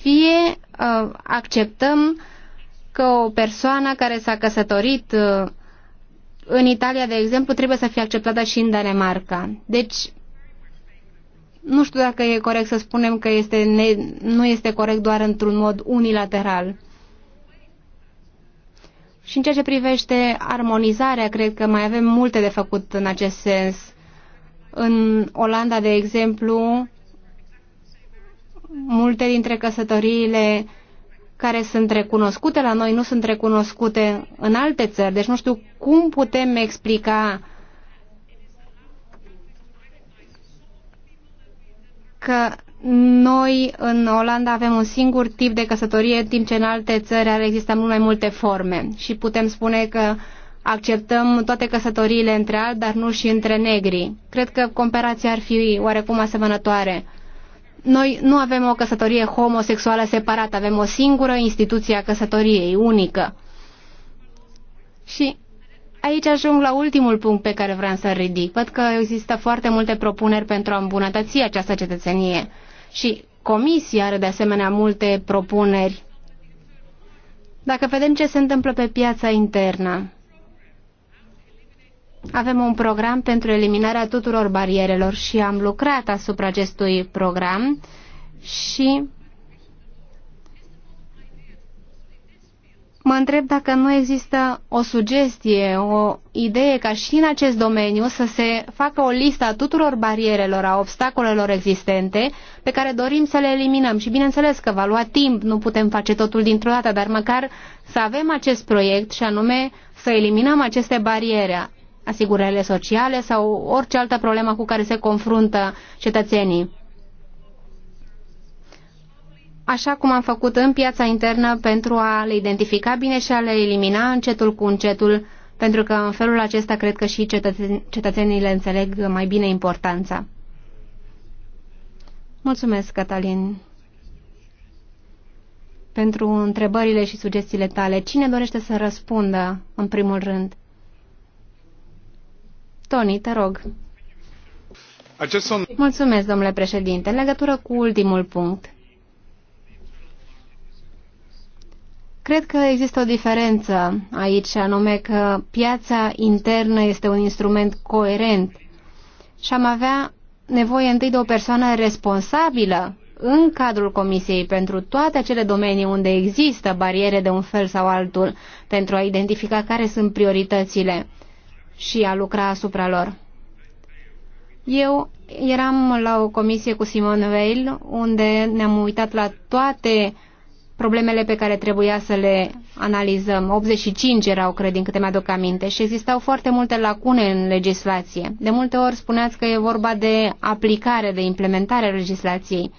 fie uh, acceptăm că o persoană care s-a căsătorit uh, în Italia, de exemplu, trebuie să fie acceptată și în Danemarca. Deci, nu știu dacă e corect să spunem că este ne, nu este corect doar într-un mod unilateral. Și în ceea ce privește armonizarea, cred că mai avem multe de făcut în acest sens. În Olanda, de exemplu, multe dintre căsătoriile care sunt recunoscute la noi nu sunt recunoscute în alte țări. Deci nu știu cum putem explica că noi în Olanda avem un singur tip de căsătorie, în timp ce în alte țări ar exista mult mai multe forme și putem spune că acceptăm toate căsătoriile între alt, dar nu și între negri. Cred că comparația ar fi oarecum asemănătoare. Noi nu avem o căsătorie homosexuală separată, avem o singură instituție a căsătoriei, unică. Și aici ajung la ultimul punct pe care vreau să-l ridic. Văd că există foarte multe propuneri pentru a îmbunătăți această cetățenie. Și comisia are de asemenea multe propuneri. Dacă vedem ce se întâmplă pe piața internă, avem un program pentru eliminarea tuturor barierelor și am lucrat asupra acestui program și mă întreb dacă nu există o sugestie, o idee ca și în acest domeniu să se facă o listă a tuturor barierelor, a obstacolelor existente pe care dorim să le eliminăm. Și bineînțeles că va lua timp, nu putem face totul dintr-o dată, dar măcar să avem acest proiect și anume să eliminăm aceste bariere, asigurările sociale sau orice altă problemă cu care se confruntă cetățenii așa cum am făcut în piața internă pentru a le identifica bine și a le elimina încetul cu încetul, pentru că în felul acesta cred că și cetățen cetățenii le înțeleg mai bine importanța. Mulțumesc, Catalin, pentru întrebările și sugestiile tale. Cine dorește să răspundă, în primul rând? Tony, te rog. Mulțumesc, domnule președinte. În legătură cu ultimul punct, Cred că există o diferență aici, anume că piața internă este un instrument coerent și am avea nevoie întâi de o persoană responsabilă în cadrul Comisiei pentru toate acele domenii unde există bariere de un fel sau altul pentru a identifica care sunt prioritățile și a lucra asupra lor. Eu eram la o comisie cu Simon Weil unde ne-am uitat la toate problemele pe care trebuia să le analizăm. 85 erau, cred, din câte mi-aduc aminte și existau foarte multe lacune în legislație. De multe ori spuneați că e vorba de aplicare, de implementare a legislației.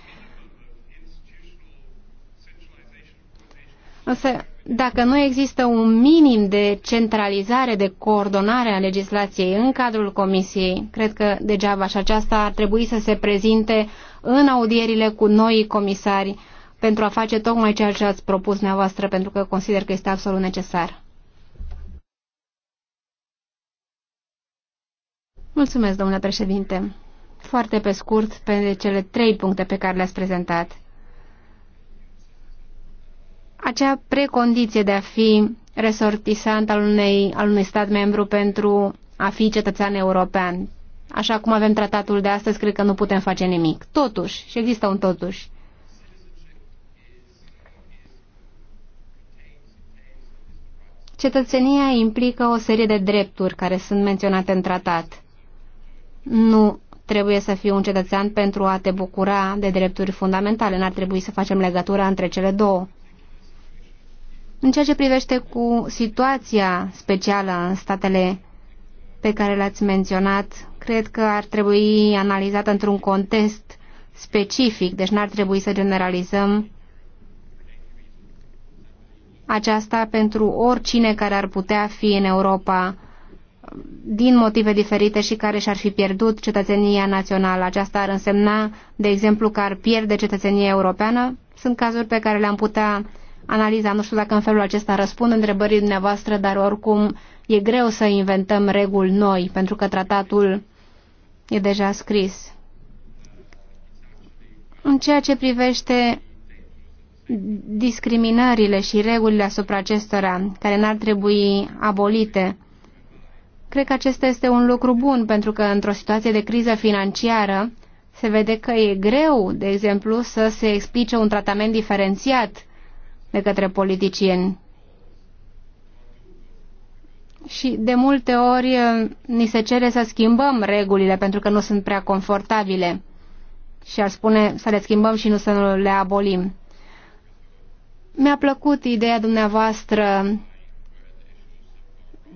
Însă, dacă nu există un minim de centralizare, de coordonare a legislației în cadrul Comisiei, cred că degeaba și aceasta ar trebui să se prezinte în audierile cu noi comisari pentru a face tocmai ceea ce ați propus dumneavoastră, pentru că consider că este absolut necesar. Mulțumesc, domnule președinte. Foarte pe scurt, pe cele trei puncte pe care le-ați prezentat. Acea precondiție de a fi resortisant al unei, al unui stat membru pentru a fi cetățean european. Așa cum avem tratatul de astăzi, cred că nu putem face nimic. Totuși, și există un totuși, Cetățenia implică o serie de drepturi care sunt menționate în tratat. Nu trebuie să fii un cetățean pentru a te bucura de drepturi fundamentale. N-ar trebui să facem legătura între cele două. În ceea ce privește cu situația specială în statele pe care le-ați menționat, cred că ar trebui analizată într-un context specific, deci n-ar trebui să generalizăm aceasta pentru oricine care ar putea fi în Europa din motive diferite și care și-ar fi pierdut cetățenia națională. Aceasta ar însemna, de exemplu, că ar pierde cetățenia europeană. Sunt cazuri pe care le-am putea analiza. Nu știu dacă în felul acesta răspund întrebării dumneavoastră, dar oricum e greu să inventăm reguli noi, pentru că tratatul e deja scris. În ceea ce privește discriminările și regulile asupra acestora, care n-ar trebui abolite. Cred că acesta este un lucru bun, pentru că într-o situație de criză financiară se vede că e greu, de exemplu, să se explice un tratament diferențiat de către politicieni. Și de multe ori eh, ni se cere să schimbăm regulile pentru că nu sunt prea confortabile. Și ar spune să le schimbăm și nu să le abolim. Mi-a plăcut ideea dumneavoastră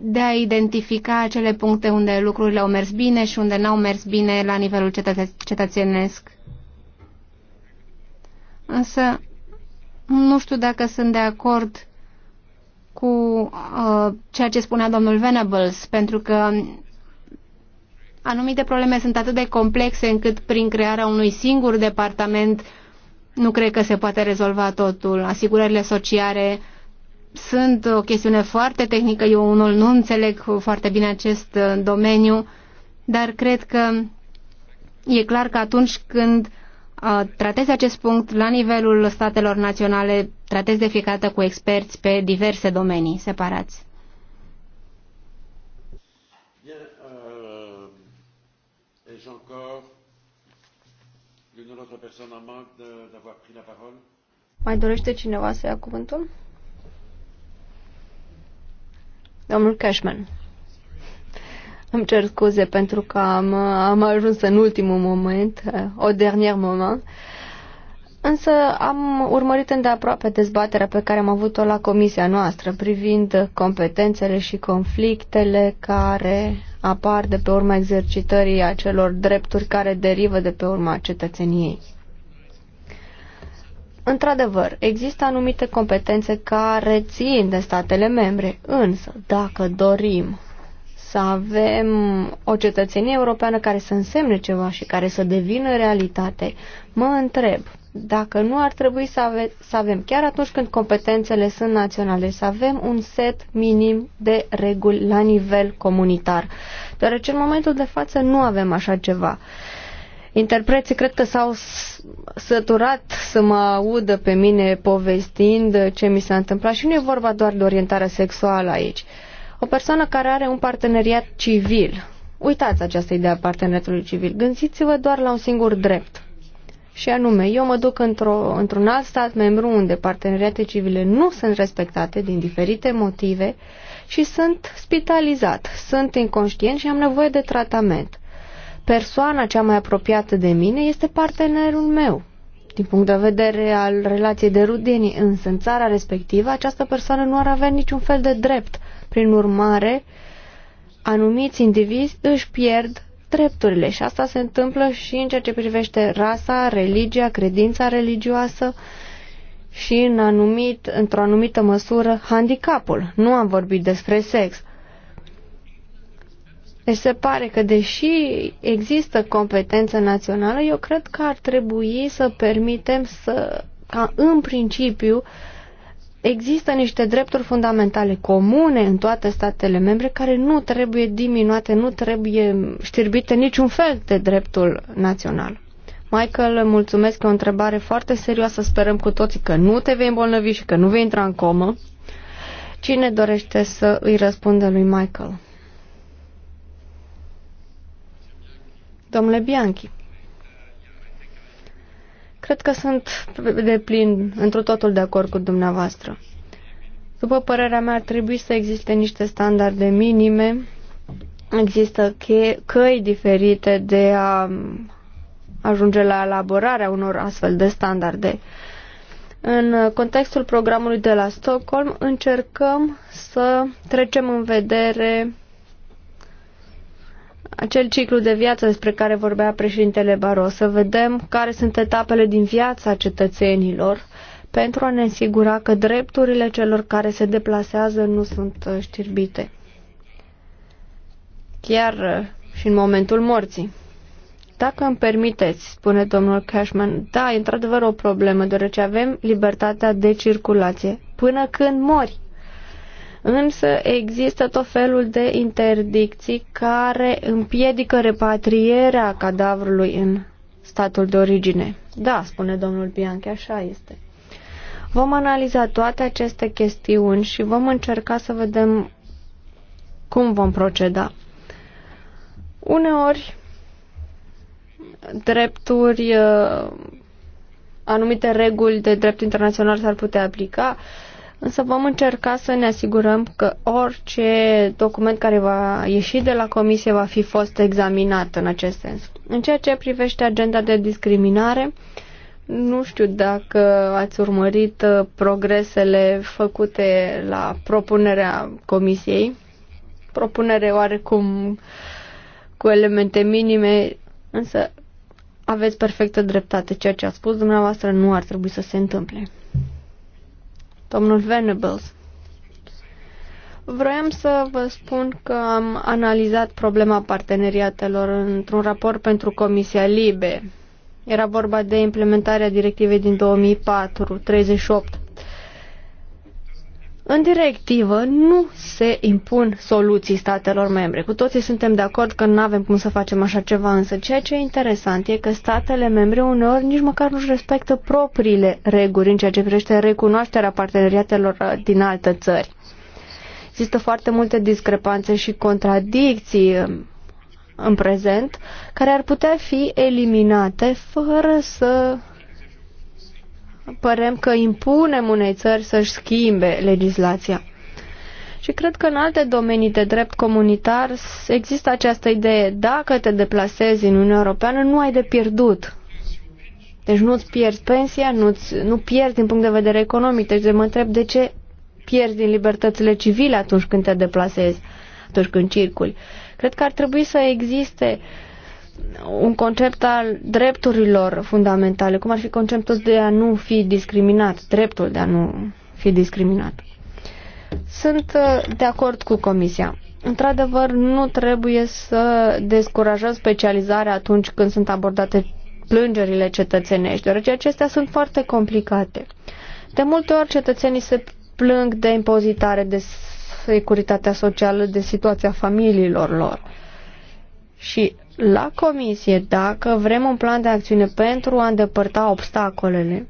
de a identifica acele puncte unde lucrurile au mers bine și unde n-au mers bine la nivelul cetățenesc. Însă, nu știu dacă sunt de acord cu uh, ceea ce spunea domnul Venables, pentru că anumite probleme sunt atât de complexe încât prin crearea unui singur departament nu cred că se poate rezolva totul. Asigurările sociale sunt o chestiune foarte tehnică. Eu unul nu înțeleg foarte bine acest uh, domeniu, dar cred că e clar că atunci când uh, tratezi acest punct la nivelul statelor naționale, tratezi de fiecare dată cu experți pe diverse domenii separați. en manque d'avoir pris la parole Mai dorește cineva să ia cuvântul? Domnul Cashman. Îmi cer scuze pentru că am, am ajuns în ultimul moment, o eh, dernier moment. Uh, Însă am urmărit îndeaproape dezbaterea pe care am avut-o la comisia noastră privind competențele și conflictele care apar de pe urma exercitării acelor drepturi care derivă de pe urma cetățeniei. Într-adevăr, există anumite competențe care țin de statele membre, însă dacă dorim să avem o cetățenie europeană care să însemne ceva și care să devină realitate, mă întreb dacă nu ar trebui să, ave- să avem, chiar atunci când competențele sunt naționale, să avem un set minim de reguli la nivel comunitar. Deoarece în momentul de față nu avem așa ceva. Interpreții cred că s-au săturat să mă audă pe mine povestind ce mi s-a întâmplat și nu e vorba doar de orientarea sexuală aici. Uh, o persoană care are un parteneriat civil. Uitați această idee a parteneriatului civil. Gândiți-vă doar la un singur drept. Și anume, eu mă duc într-o, într-un alt stat membru unde parteneriate civile nu sunt respectate din diferite motive și sunt spitalizat, sunt inconștient și am nevoie de tratament. Persoana cea mai apropiată de mine este partenerul meu. Din punct de vedere al relației de rudenie, însă în țara respectivă, această persoană nu ar avea niciun fel de drept prin urmare, anumiți indivizi își pierd drepturile și asta se întâmplă și în ceea ce privește rasa, religia, credința religioasă și în anumit, într-o anumită măsură handicapul. Nu am vorbit despre sex. Deci se pare că deși există competență națională, eu cred că ar trebui să permitem să, ca în principiu Există niște drepturi fundamentale comune în toate statele membre care nu trebuie diminuate, nu trebuie știrbite niciun fel de dreptul național. Michael, mulțumesc că o întrebare foarte serioasă. Sperăm cu toții că nu te vei îmbolnăvi și că nu vei intra în comă. Cine dorește să îi răspundă lui Michael? Domnule Bianchi. Cred că sunt de plin, într-o totul de acord cu dumneavoastră. După părerea mea, ar trebui să existe niște standarde minime. Există căi diferite de a ajunge la elaborarea unor astfel de standarde. În contextul programului de la Stockholm încercăm să trecem în vedere acel ciclu de viață despre care vorbea președintele Baro, să vedem care sunt etapele din viața cetățenilor pentru a ne asigura că drepturile celor care se deplasează nu sunt uh, știrbite. Chiar uh, și în momentul morții. Dacă îmi permiteți, spune domnul Cashman, da, e într-adevăr o problemă, deoarece avem libertatea de circulație până când mori. Însă există tot felul de interdicții care împiedică repatrierea cadavrului în statul de origine. Da, spune domnul Bianchi, așa este. Vom analiza toate aceste chestiuni și vom încerca să vedem cum vom proceda. Uneori, drepturi, uh, anumite reguli de drept internațional s-ar putea aplica, Însă vom încerca să ne asigurăm că orice document care va ieși de la comisie va fi fost examinat în acest sens. În ceea ce privește agenda de discriminare, nu știu dacă ați urmărit uh, progresele făcute la propunerea comisiei, propunere oarecum cu elemente minime, însă aveți perfectă dreptate. Ceea ce a spus dumneavoastră nu ar trebui să se întâmple domnul Venables. Vroiam să vă spun că am analizat problema parteneriatelor într-un raport pentru Comisia Libe. Era vorba de implementarea directivei din 2004, 38. În directivă nu se impun soluții statelor membre. Cu toții suntem de acord că nu avem cum să facem așa ceva, însă ceea ce e interesant e că statele membre uneori nici măcar nu-și respectă propriile reguli în ceea ce privește recunoașterea parteneriatelor uh, din alte țări. Există foarte multe discrepanțe și contradicții um, în prezent care ar putea fi eliminate fără să părem că impunem unei țări să-și schimbe legislația. Și cred că în alte domenii de drept comunitar există această idee, dacă te deplasezi în Uniunea Europeană, nu ai de pierdut. Deci nu-ți pierzi pensia, nu-ți, nu pierzi din punct de vedere economic. Deci mă întreb de ce pierzi din libertățile civile atunci când te deplasezi, atunci când circuli. Cred că ar trebui să existe uh, un concept al drepturilor fundamentale, cum ar fi conceptul de a nu fi discriminat, dreptul de a nu fi discriminat. Sunt uh, de acord cu Comisia. Într-adevăr, nu trebuie să descurajăm specializarea atunci când sunt abordate plângerile cetățenești, deoarece acestea sunt foarte complicate. De multe ori cetățenii se plâng de impozitare, de securitatea socială, de situația familiilor lor. Și la comisie dacă vrem un plan de acțiune pentru a îndepărta obstacolele.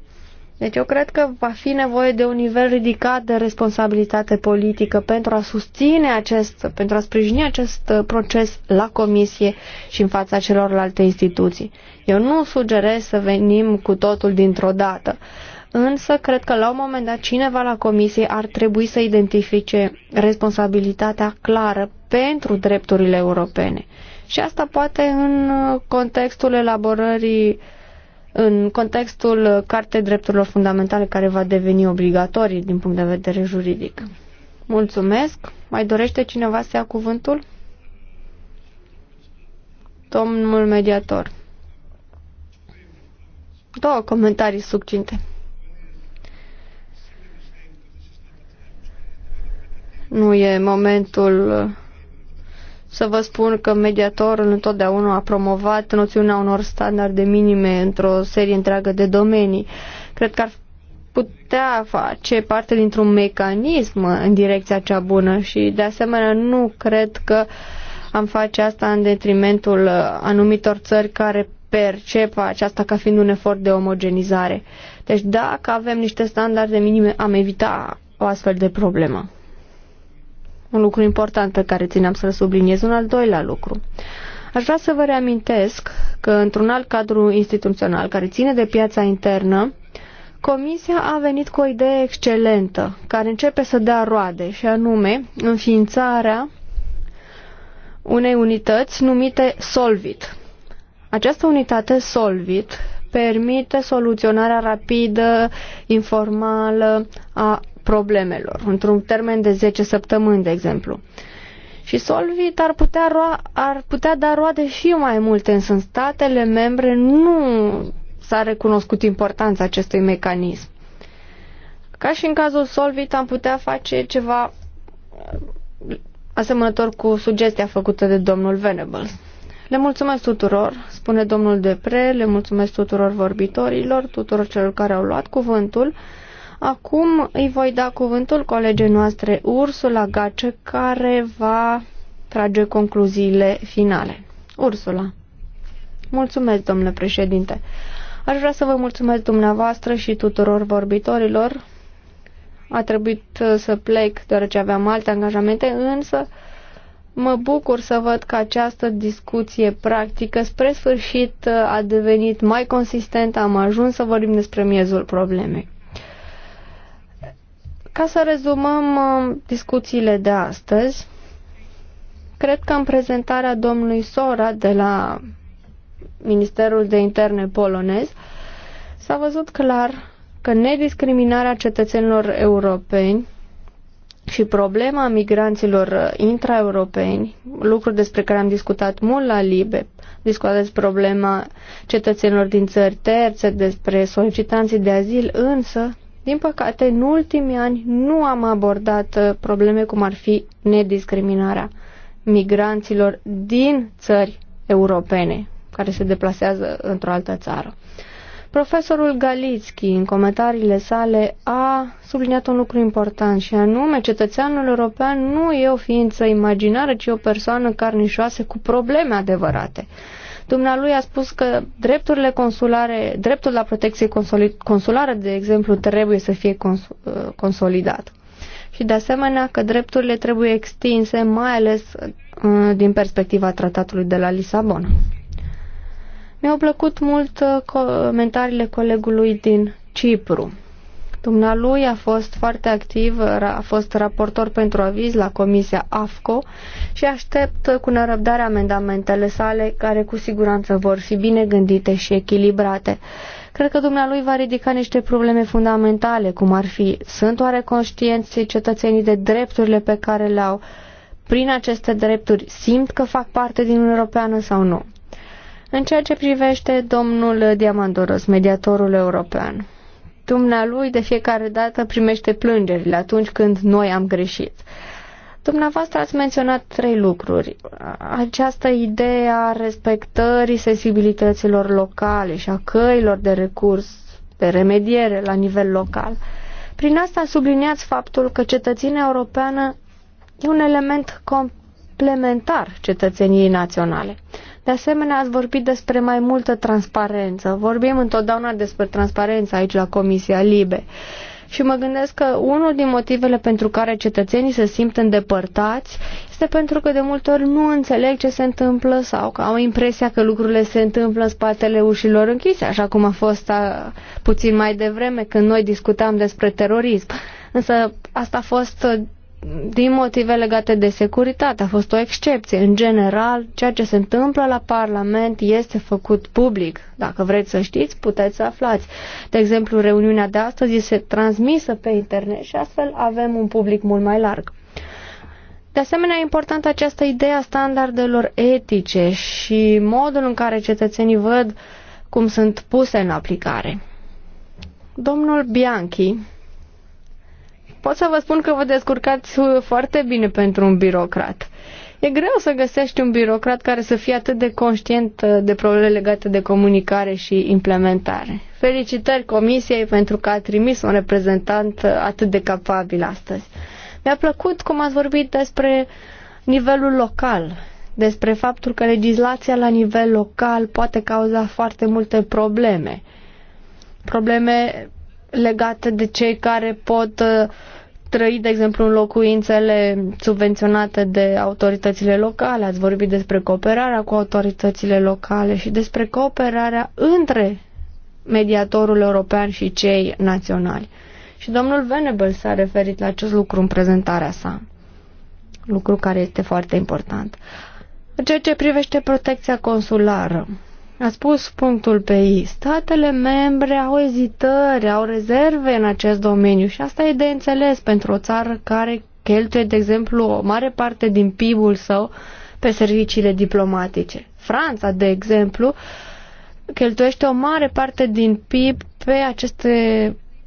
Deci eu cred că va fi nevoie de un nivel ridicat de responsabilitate politică pentru a susține acest, pentru a sprijini acest proces la comisie și în fața celorlalte instituții. Eu nu sugerez să venim cu totul dintr-o dată, însă cred că la un moment dat cineva la comisie ar trebui să identifice responsabilitatea clară pentru drepturile europene. Și asta poate în contextul elaborării, în contextul Cartei Drepturilor Fundamentale care va deveni obligatorii din punct de vedere juridic. Mulțumesc. Mai dorește cineva să ia cuvântul? Domnul mediator. Două comentarii succinte. Nu e momentul să vă spun că mediatorul întotdeauna a promovat noțiunea unor standarde minime într-o serie întreagă de domenii. Cred că ar putea face parte dintr-un mecanism în direcția cea bună și de asemenea nu cred că am face asta în detrimentul anumitor țări care percep aceasta ca fiind un efort de omogenizare. Deci dacă avem niște standarde minime, am evita o astfel de problemă un lucru important pe care țineam să-l subliniez, un al doilea lucru. Aș vrea să vă reamintesc că într-un alt cadru instituțional care ține de piața internă, Comisia a venit cu o idee excelentă care începe să dea roade și anume înființarea unei unități numite Solvit. Această unitate Solvit permite soluționarea rapidă, informală a problemelor, într-un termen de 10 săptămâni, de exemplu. Și Solvit ar putea, roa, ar putea da roade și mai multe, însă în statele membre nu s-a recunoscut importanța acestui mecanism. Ca și în cazul Solvit am putea face ceva asemănător cu sugestia făcută de domnul Venables. Le mulțumesc tuturor, spune domnul Depre, le mulțumesc tuturor vorbitorilor, tuturor celor care au luat cuvântul. Acum îi voi da cuvântul colegei noastre Ursula Gace, care va trage concluziile finale. Ursula. Mulțumesc, domnule președinte. Aș vrea să vă mulțumesc dumneavoastră și tuturor vorbitorilor. A trebuit uh, să plec, deoarece aveam alte angajamente, însă mă bucur să văd că această discuție practică spre sfârșit uh, a devenit mai consistentă, am ajuns să vorbim despre miezul problemei. Ca să rezumăm uh, discuțiile de astăzi, cred că în prezentarea domnului Sora de la Ministerul de Interne polonez s-a văzut clar că nediscriminarea cetățenilor europeni și problema migranților uh, intraeuropeni, lucru despre care am discutat mult la LIBE, discutat despre problema cetățenilor din țări terțe, despre solicitanții de azil, însă din păcate, în ultimii ani nu am abordat uh, probleme cum ar fi nediscriminarea migranților din țări europene care se deplasează într-o altă țară. Profesorul Galitski, în comentariile sale, a subliniat un lucru important și anume, cetățeanul european nu e o ființă imaginară, ci o persoană carnișoasă cu probleme adevărate. Dumnealui a spus că drepturile consulare, dreptul la protecție consulară, de exemplu, trebuie să fie cons uh, consolidat. Și de asemenea că drepturile trebuie extinse, mai ales uh, din perspectiva tratatului de la Lisabona. Mi-au plăcut mult uh, comentariile colegului din Cipru. Dumnealui a fost foarte activ, a fost raportor pentru aviz la Comisia AFCO și aștept cu nerăbdare amendamentele sale, care cu siguranță vor fi bine gândite și echilibrate. Cred că dumnealui va ridica niște probleme fundamentale, cum ar fi sunt oare conștienți cetățenii de drepturile pe care le au, prin aceste drepturi simt că fac parte din Uniunea Europeană sau nu. În ceea ce privește domnul Diamandoros, mediatorul european, Dumnealui de fiecare dată primește plângerile atunci când noi am greșit. Dumneavoastră ați menționat trei lucruri. Această idee a respectării sensibilităților locale și a căilor de recurs, de remediere la nivel local. Prin asta subliniați faptul că cetățenia europeană e un element complementar cetățeniei naționale. De asemenea, ați vorbit despre mai multă transparență. Vorbim întotdeauna despre transparență aici la Comisia Libe. Și mă gândesc că unul din motivele pentru care cetățenii se simt îndepărtați este pentru că de multe ori nu înțeleg ce se întâmplă sau că au impresia că lucrurile se întâmplă în spatele ușilor închise, așa cum a fost a, puțin mai devreme când noi discutam despre terorism. Însă asta a fost din motive legate de securitate. A fost o excepție. În general, ceea ce se întâmplă la Parlament este făcut public. Dacă vreți să știți, puteți să aflați. De exemplu, reuniunea de astăzi este transmisă pe internet și astfel avem un public mult mai larg. De asemenea, e importantă această idee a standardelor etice și modul în care cetățenii văd cum sunt puse în aplicare. Domnul Bianchi, pot să vă spun că vă descurcați uh, foarte bine pentru un birocrat. E greu să găsești un birocrat care să fie atât de conștient uh, de probleme legate de comunicare și implementare. Felicitări Comisiei pentru că a trimis un reprezentant uh, atât de capabil astăzi. Mi-a plăcut cum ați vorbit despre nivelul local, despre faptul că legislația la nivel local poate cauza foarte multe probleme. Probleme legate de cei care pot uh, trăi, de exemplu, în locuințele subvenționate de autoritățile locale. Ați vorbit despre cooperarea cu autoritățile locale și despre cooperarea între mediatorul european și cei naționali. Și domnul Venebel s-a referit la acest lucru în prezentarea sa, lucru care este foarte important. În ceea ce privește protecția consulară, a spus punctul pe I. Statele membre au ezitări, au rezerve în acest domeniu și asta e de înțeles pentru o țară care cheltuie, de exemplu, o mare parte din PIB-ul său pe serviciile diplomatice. Franța, de exemplu, cheltuiește o mare parte din PIB pe aceste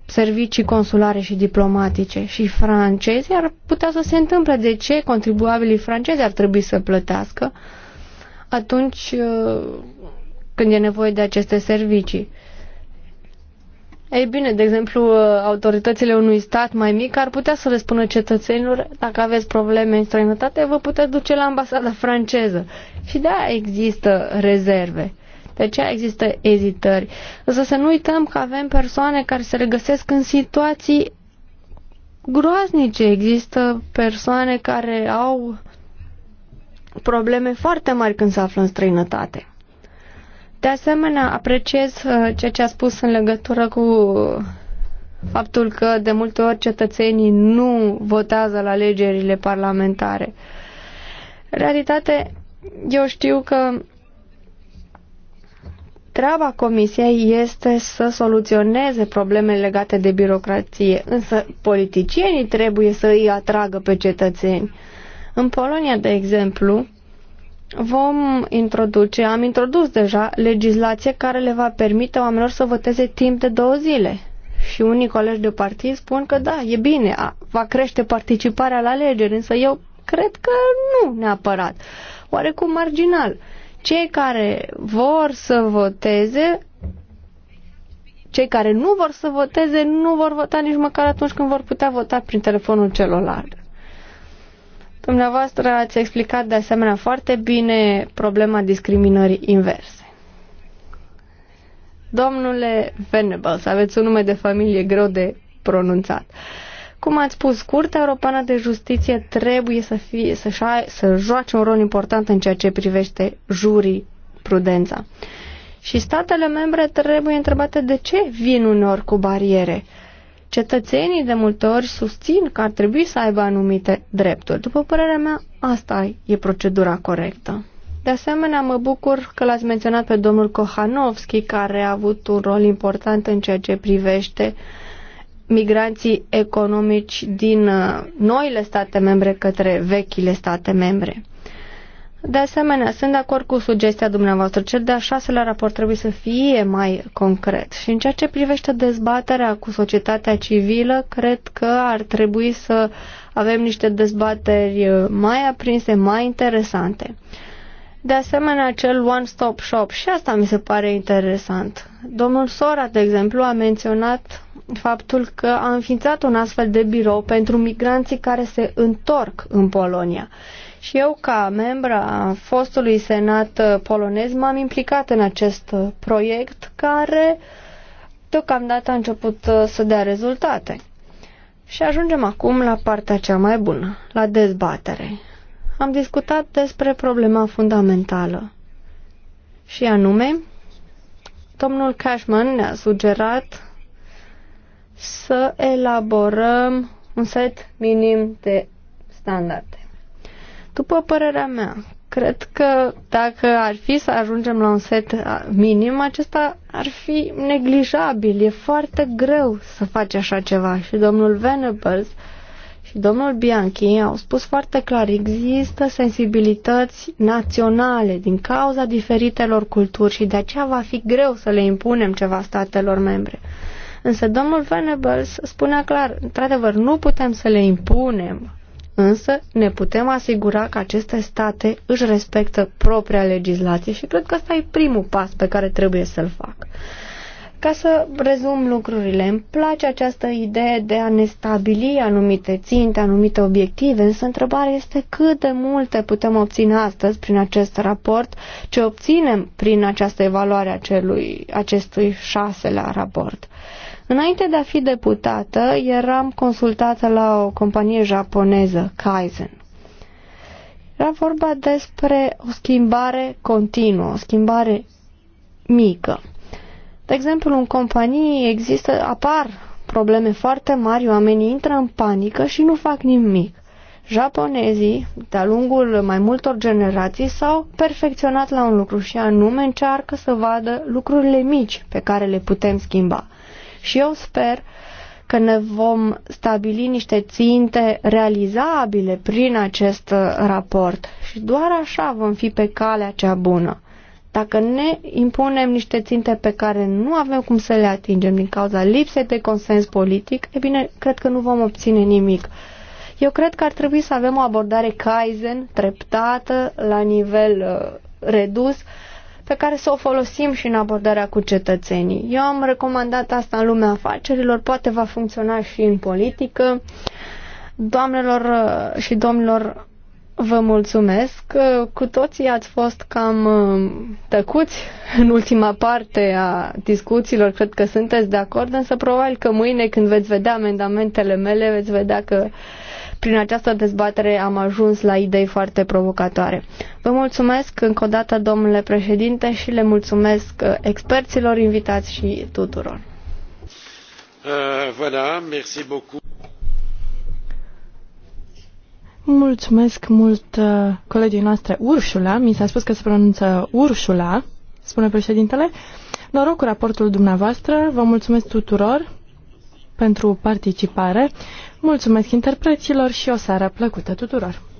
servicii consulare și diplomatice și francezi ar putea să se întâmple. De ce contribuabilii francezi ar trebui să plătească? Atunci când e nevoie de aceste servicii. Ei bine, de exemplu, autoritățile unui stat mai mic ar putea să le spună cetățenilor, dacă aveți probleme în străinătate, vă puteți duce la ambasada franceză. Și da, există rezerve. De aceea există ezitări. Însă să nu uităm că avem persoane care se regăsesc în situații groaznice. Există persoane care au probleme foarte mari când se află în străinătate. De asemenea, apreciez uh, ceea ce a spus în legătură cu faptul că de multe ori cetățenii nu votează la alegerile parlamentare. În realitate, eu știu că treaba comisiei este să soluționeze probleme legate de birocrație, însă politicienii trebuie să îi atragă pe cetățeni. În Polonia, de exemplu, vom introduce, am introdus deja legislație care le va permite oamenilor să voteze timp de două zile. Și unii colegi de partid spun că da, e bine, a, va crește participarea la alegeri, însă eu cred că nu neapărat. Oarecum marginal. Cei care vor să voteze, cei care nu vor să voteze, nu vor vota nici măcar atunci când vor putea vota prin telefonul celular. Dumneavoastră ați explicat de asemenea foarte bine problema discriminării inverse. Domnule Venables, aveți un nume de familie greu de pronunțat. Cum ați spus, Curtea Europeană de Justiție trebuie să, fie, să, șa, să joace un rol important în ceea ce privește jurii prudența. Și statele membre trebuie întrebate de ce vin uneori cu bariere. Uh, Cetățenii de multe ori susțin că ar trebui să aibă anumite drepturi. După părerea mea, asta e procedura corectă. De asemenea, mă bucur că l-ați menționat pe domnul Kohanovski, care a avut un rol important în ceea ce privește migranții economici din uh, noile state membre către vechile state membre. De asemenea, sunt de acord cu sugestia dumneavoastră. Cel de-a șaselea raport trebuie să fie mai concret. Și în ceea ce privește dezbaterea cu societatea civilă, cred că ar trebui să avem niște dezbateri eh, mai aprinse, mai interesante. De asemenea, acel one-stop shop și asta mi se pare interesant. Domnul Sora, de exemplu, a menționat faptul că a înființat un astfel de birou pentru migranții care se întorc în Polonia. Și eu, ca membra fostului senat polonez, m-am implicat în acest proiect care deocamdată a început să dea rezultate. Și ajungem acum la partea cea mai bună, la dezbatere am discutat despre problema fundamentală. Și anume, domnul Cashman ne-a sugerat să elaborăm un set minim de standarde. După părerea mea, cred că dacă ar fi să ajungem la un set minim, acesta ar fi neglijabil. E foarte greu să faci așa ceva. Și domnul Venables și domnul Bianchi au spus foarte clar, există sensibilități naționale din cauza diferitelor culturi și de aceea va fi greu să le impunem ceva statelor membre. Însă domnul Venables spunea clar, într-adevăr, nu putem să le impunem, însă ne putem asigura că aceste state își respectă propria legislație și cred că ăsta e primul pas pe care trebuie să-l fac. Ca să rezum lucrurile, îmi place această idee de a ne stabili anumite ținte, anumite obiective, însă întrebarea este cât de multe putem obține astăzi prin acest raport, ce obținem prin această evaluare a celui, acestui șaselea raport. Înainte de a fi deputată, eram consultată la o companie japoneză, Kaizen. Era vorba despre o schimbare continuă, o schimbare mică. De exemplu, în companii există, apar probleme foarte mari, oamenii intră în panică și nu fac nimic. Japonezii, de-a lungul mai multor generații, s-au perfecționat la un lucru și anume încearcă să vadă lucrurile mici pe care le putem schimba. Și eu sper că ne vom stabili niște ținte realizabile prin acest raport și doar așa vom fi pe calea cea bună. Dacă ne impunem niște ținte pe care nu avem cum să le atingem din cauza lipsei de consens politic, e bine, cred că nu vom obține nimic. Eu cred că ar trebui să avem o abordare Kaizen, treptată, la nivel uh, redus, pe care să o folosim și în abordarea cu cetățenii. Eu am recomandat asta în lumea afacerilor, poate va funcționa și în politică. Doamnelor uh, și domnilor, Vă mulțumesc. Cu toții ați fost cam uh, tăcuți în ultima parte a discuțiilor. Cred că sunteți de acord, însă probabil că mâine când veți vedea amendamentele mele, veți vedea că prin această dezbatere am ajuns la idei foarte provocatoare. Vă mulțumesc încă o dată, domnule președinte, și le mulțumesc uh, experților invitați și tuturor. Uh, voilà, merci beaucoup. Mulțumesc mult uh, colegii noastre Urșula. Mi s-a spus că se pronunță Urșula, spune președintele. Noroc cu raportul dumneavoastră. Vă mulțumesc tuturor pentru participare. Mulțumesc interpreților și o seară plăcută tuturor.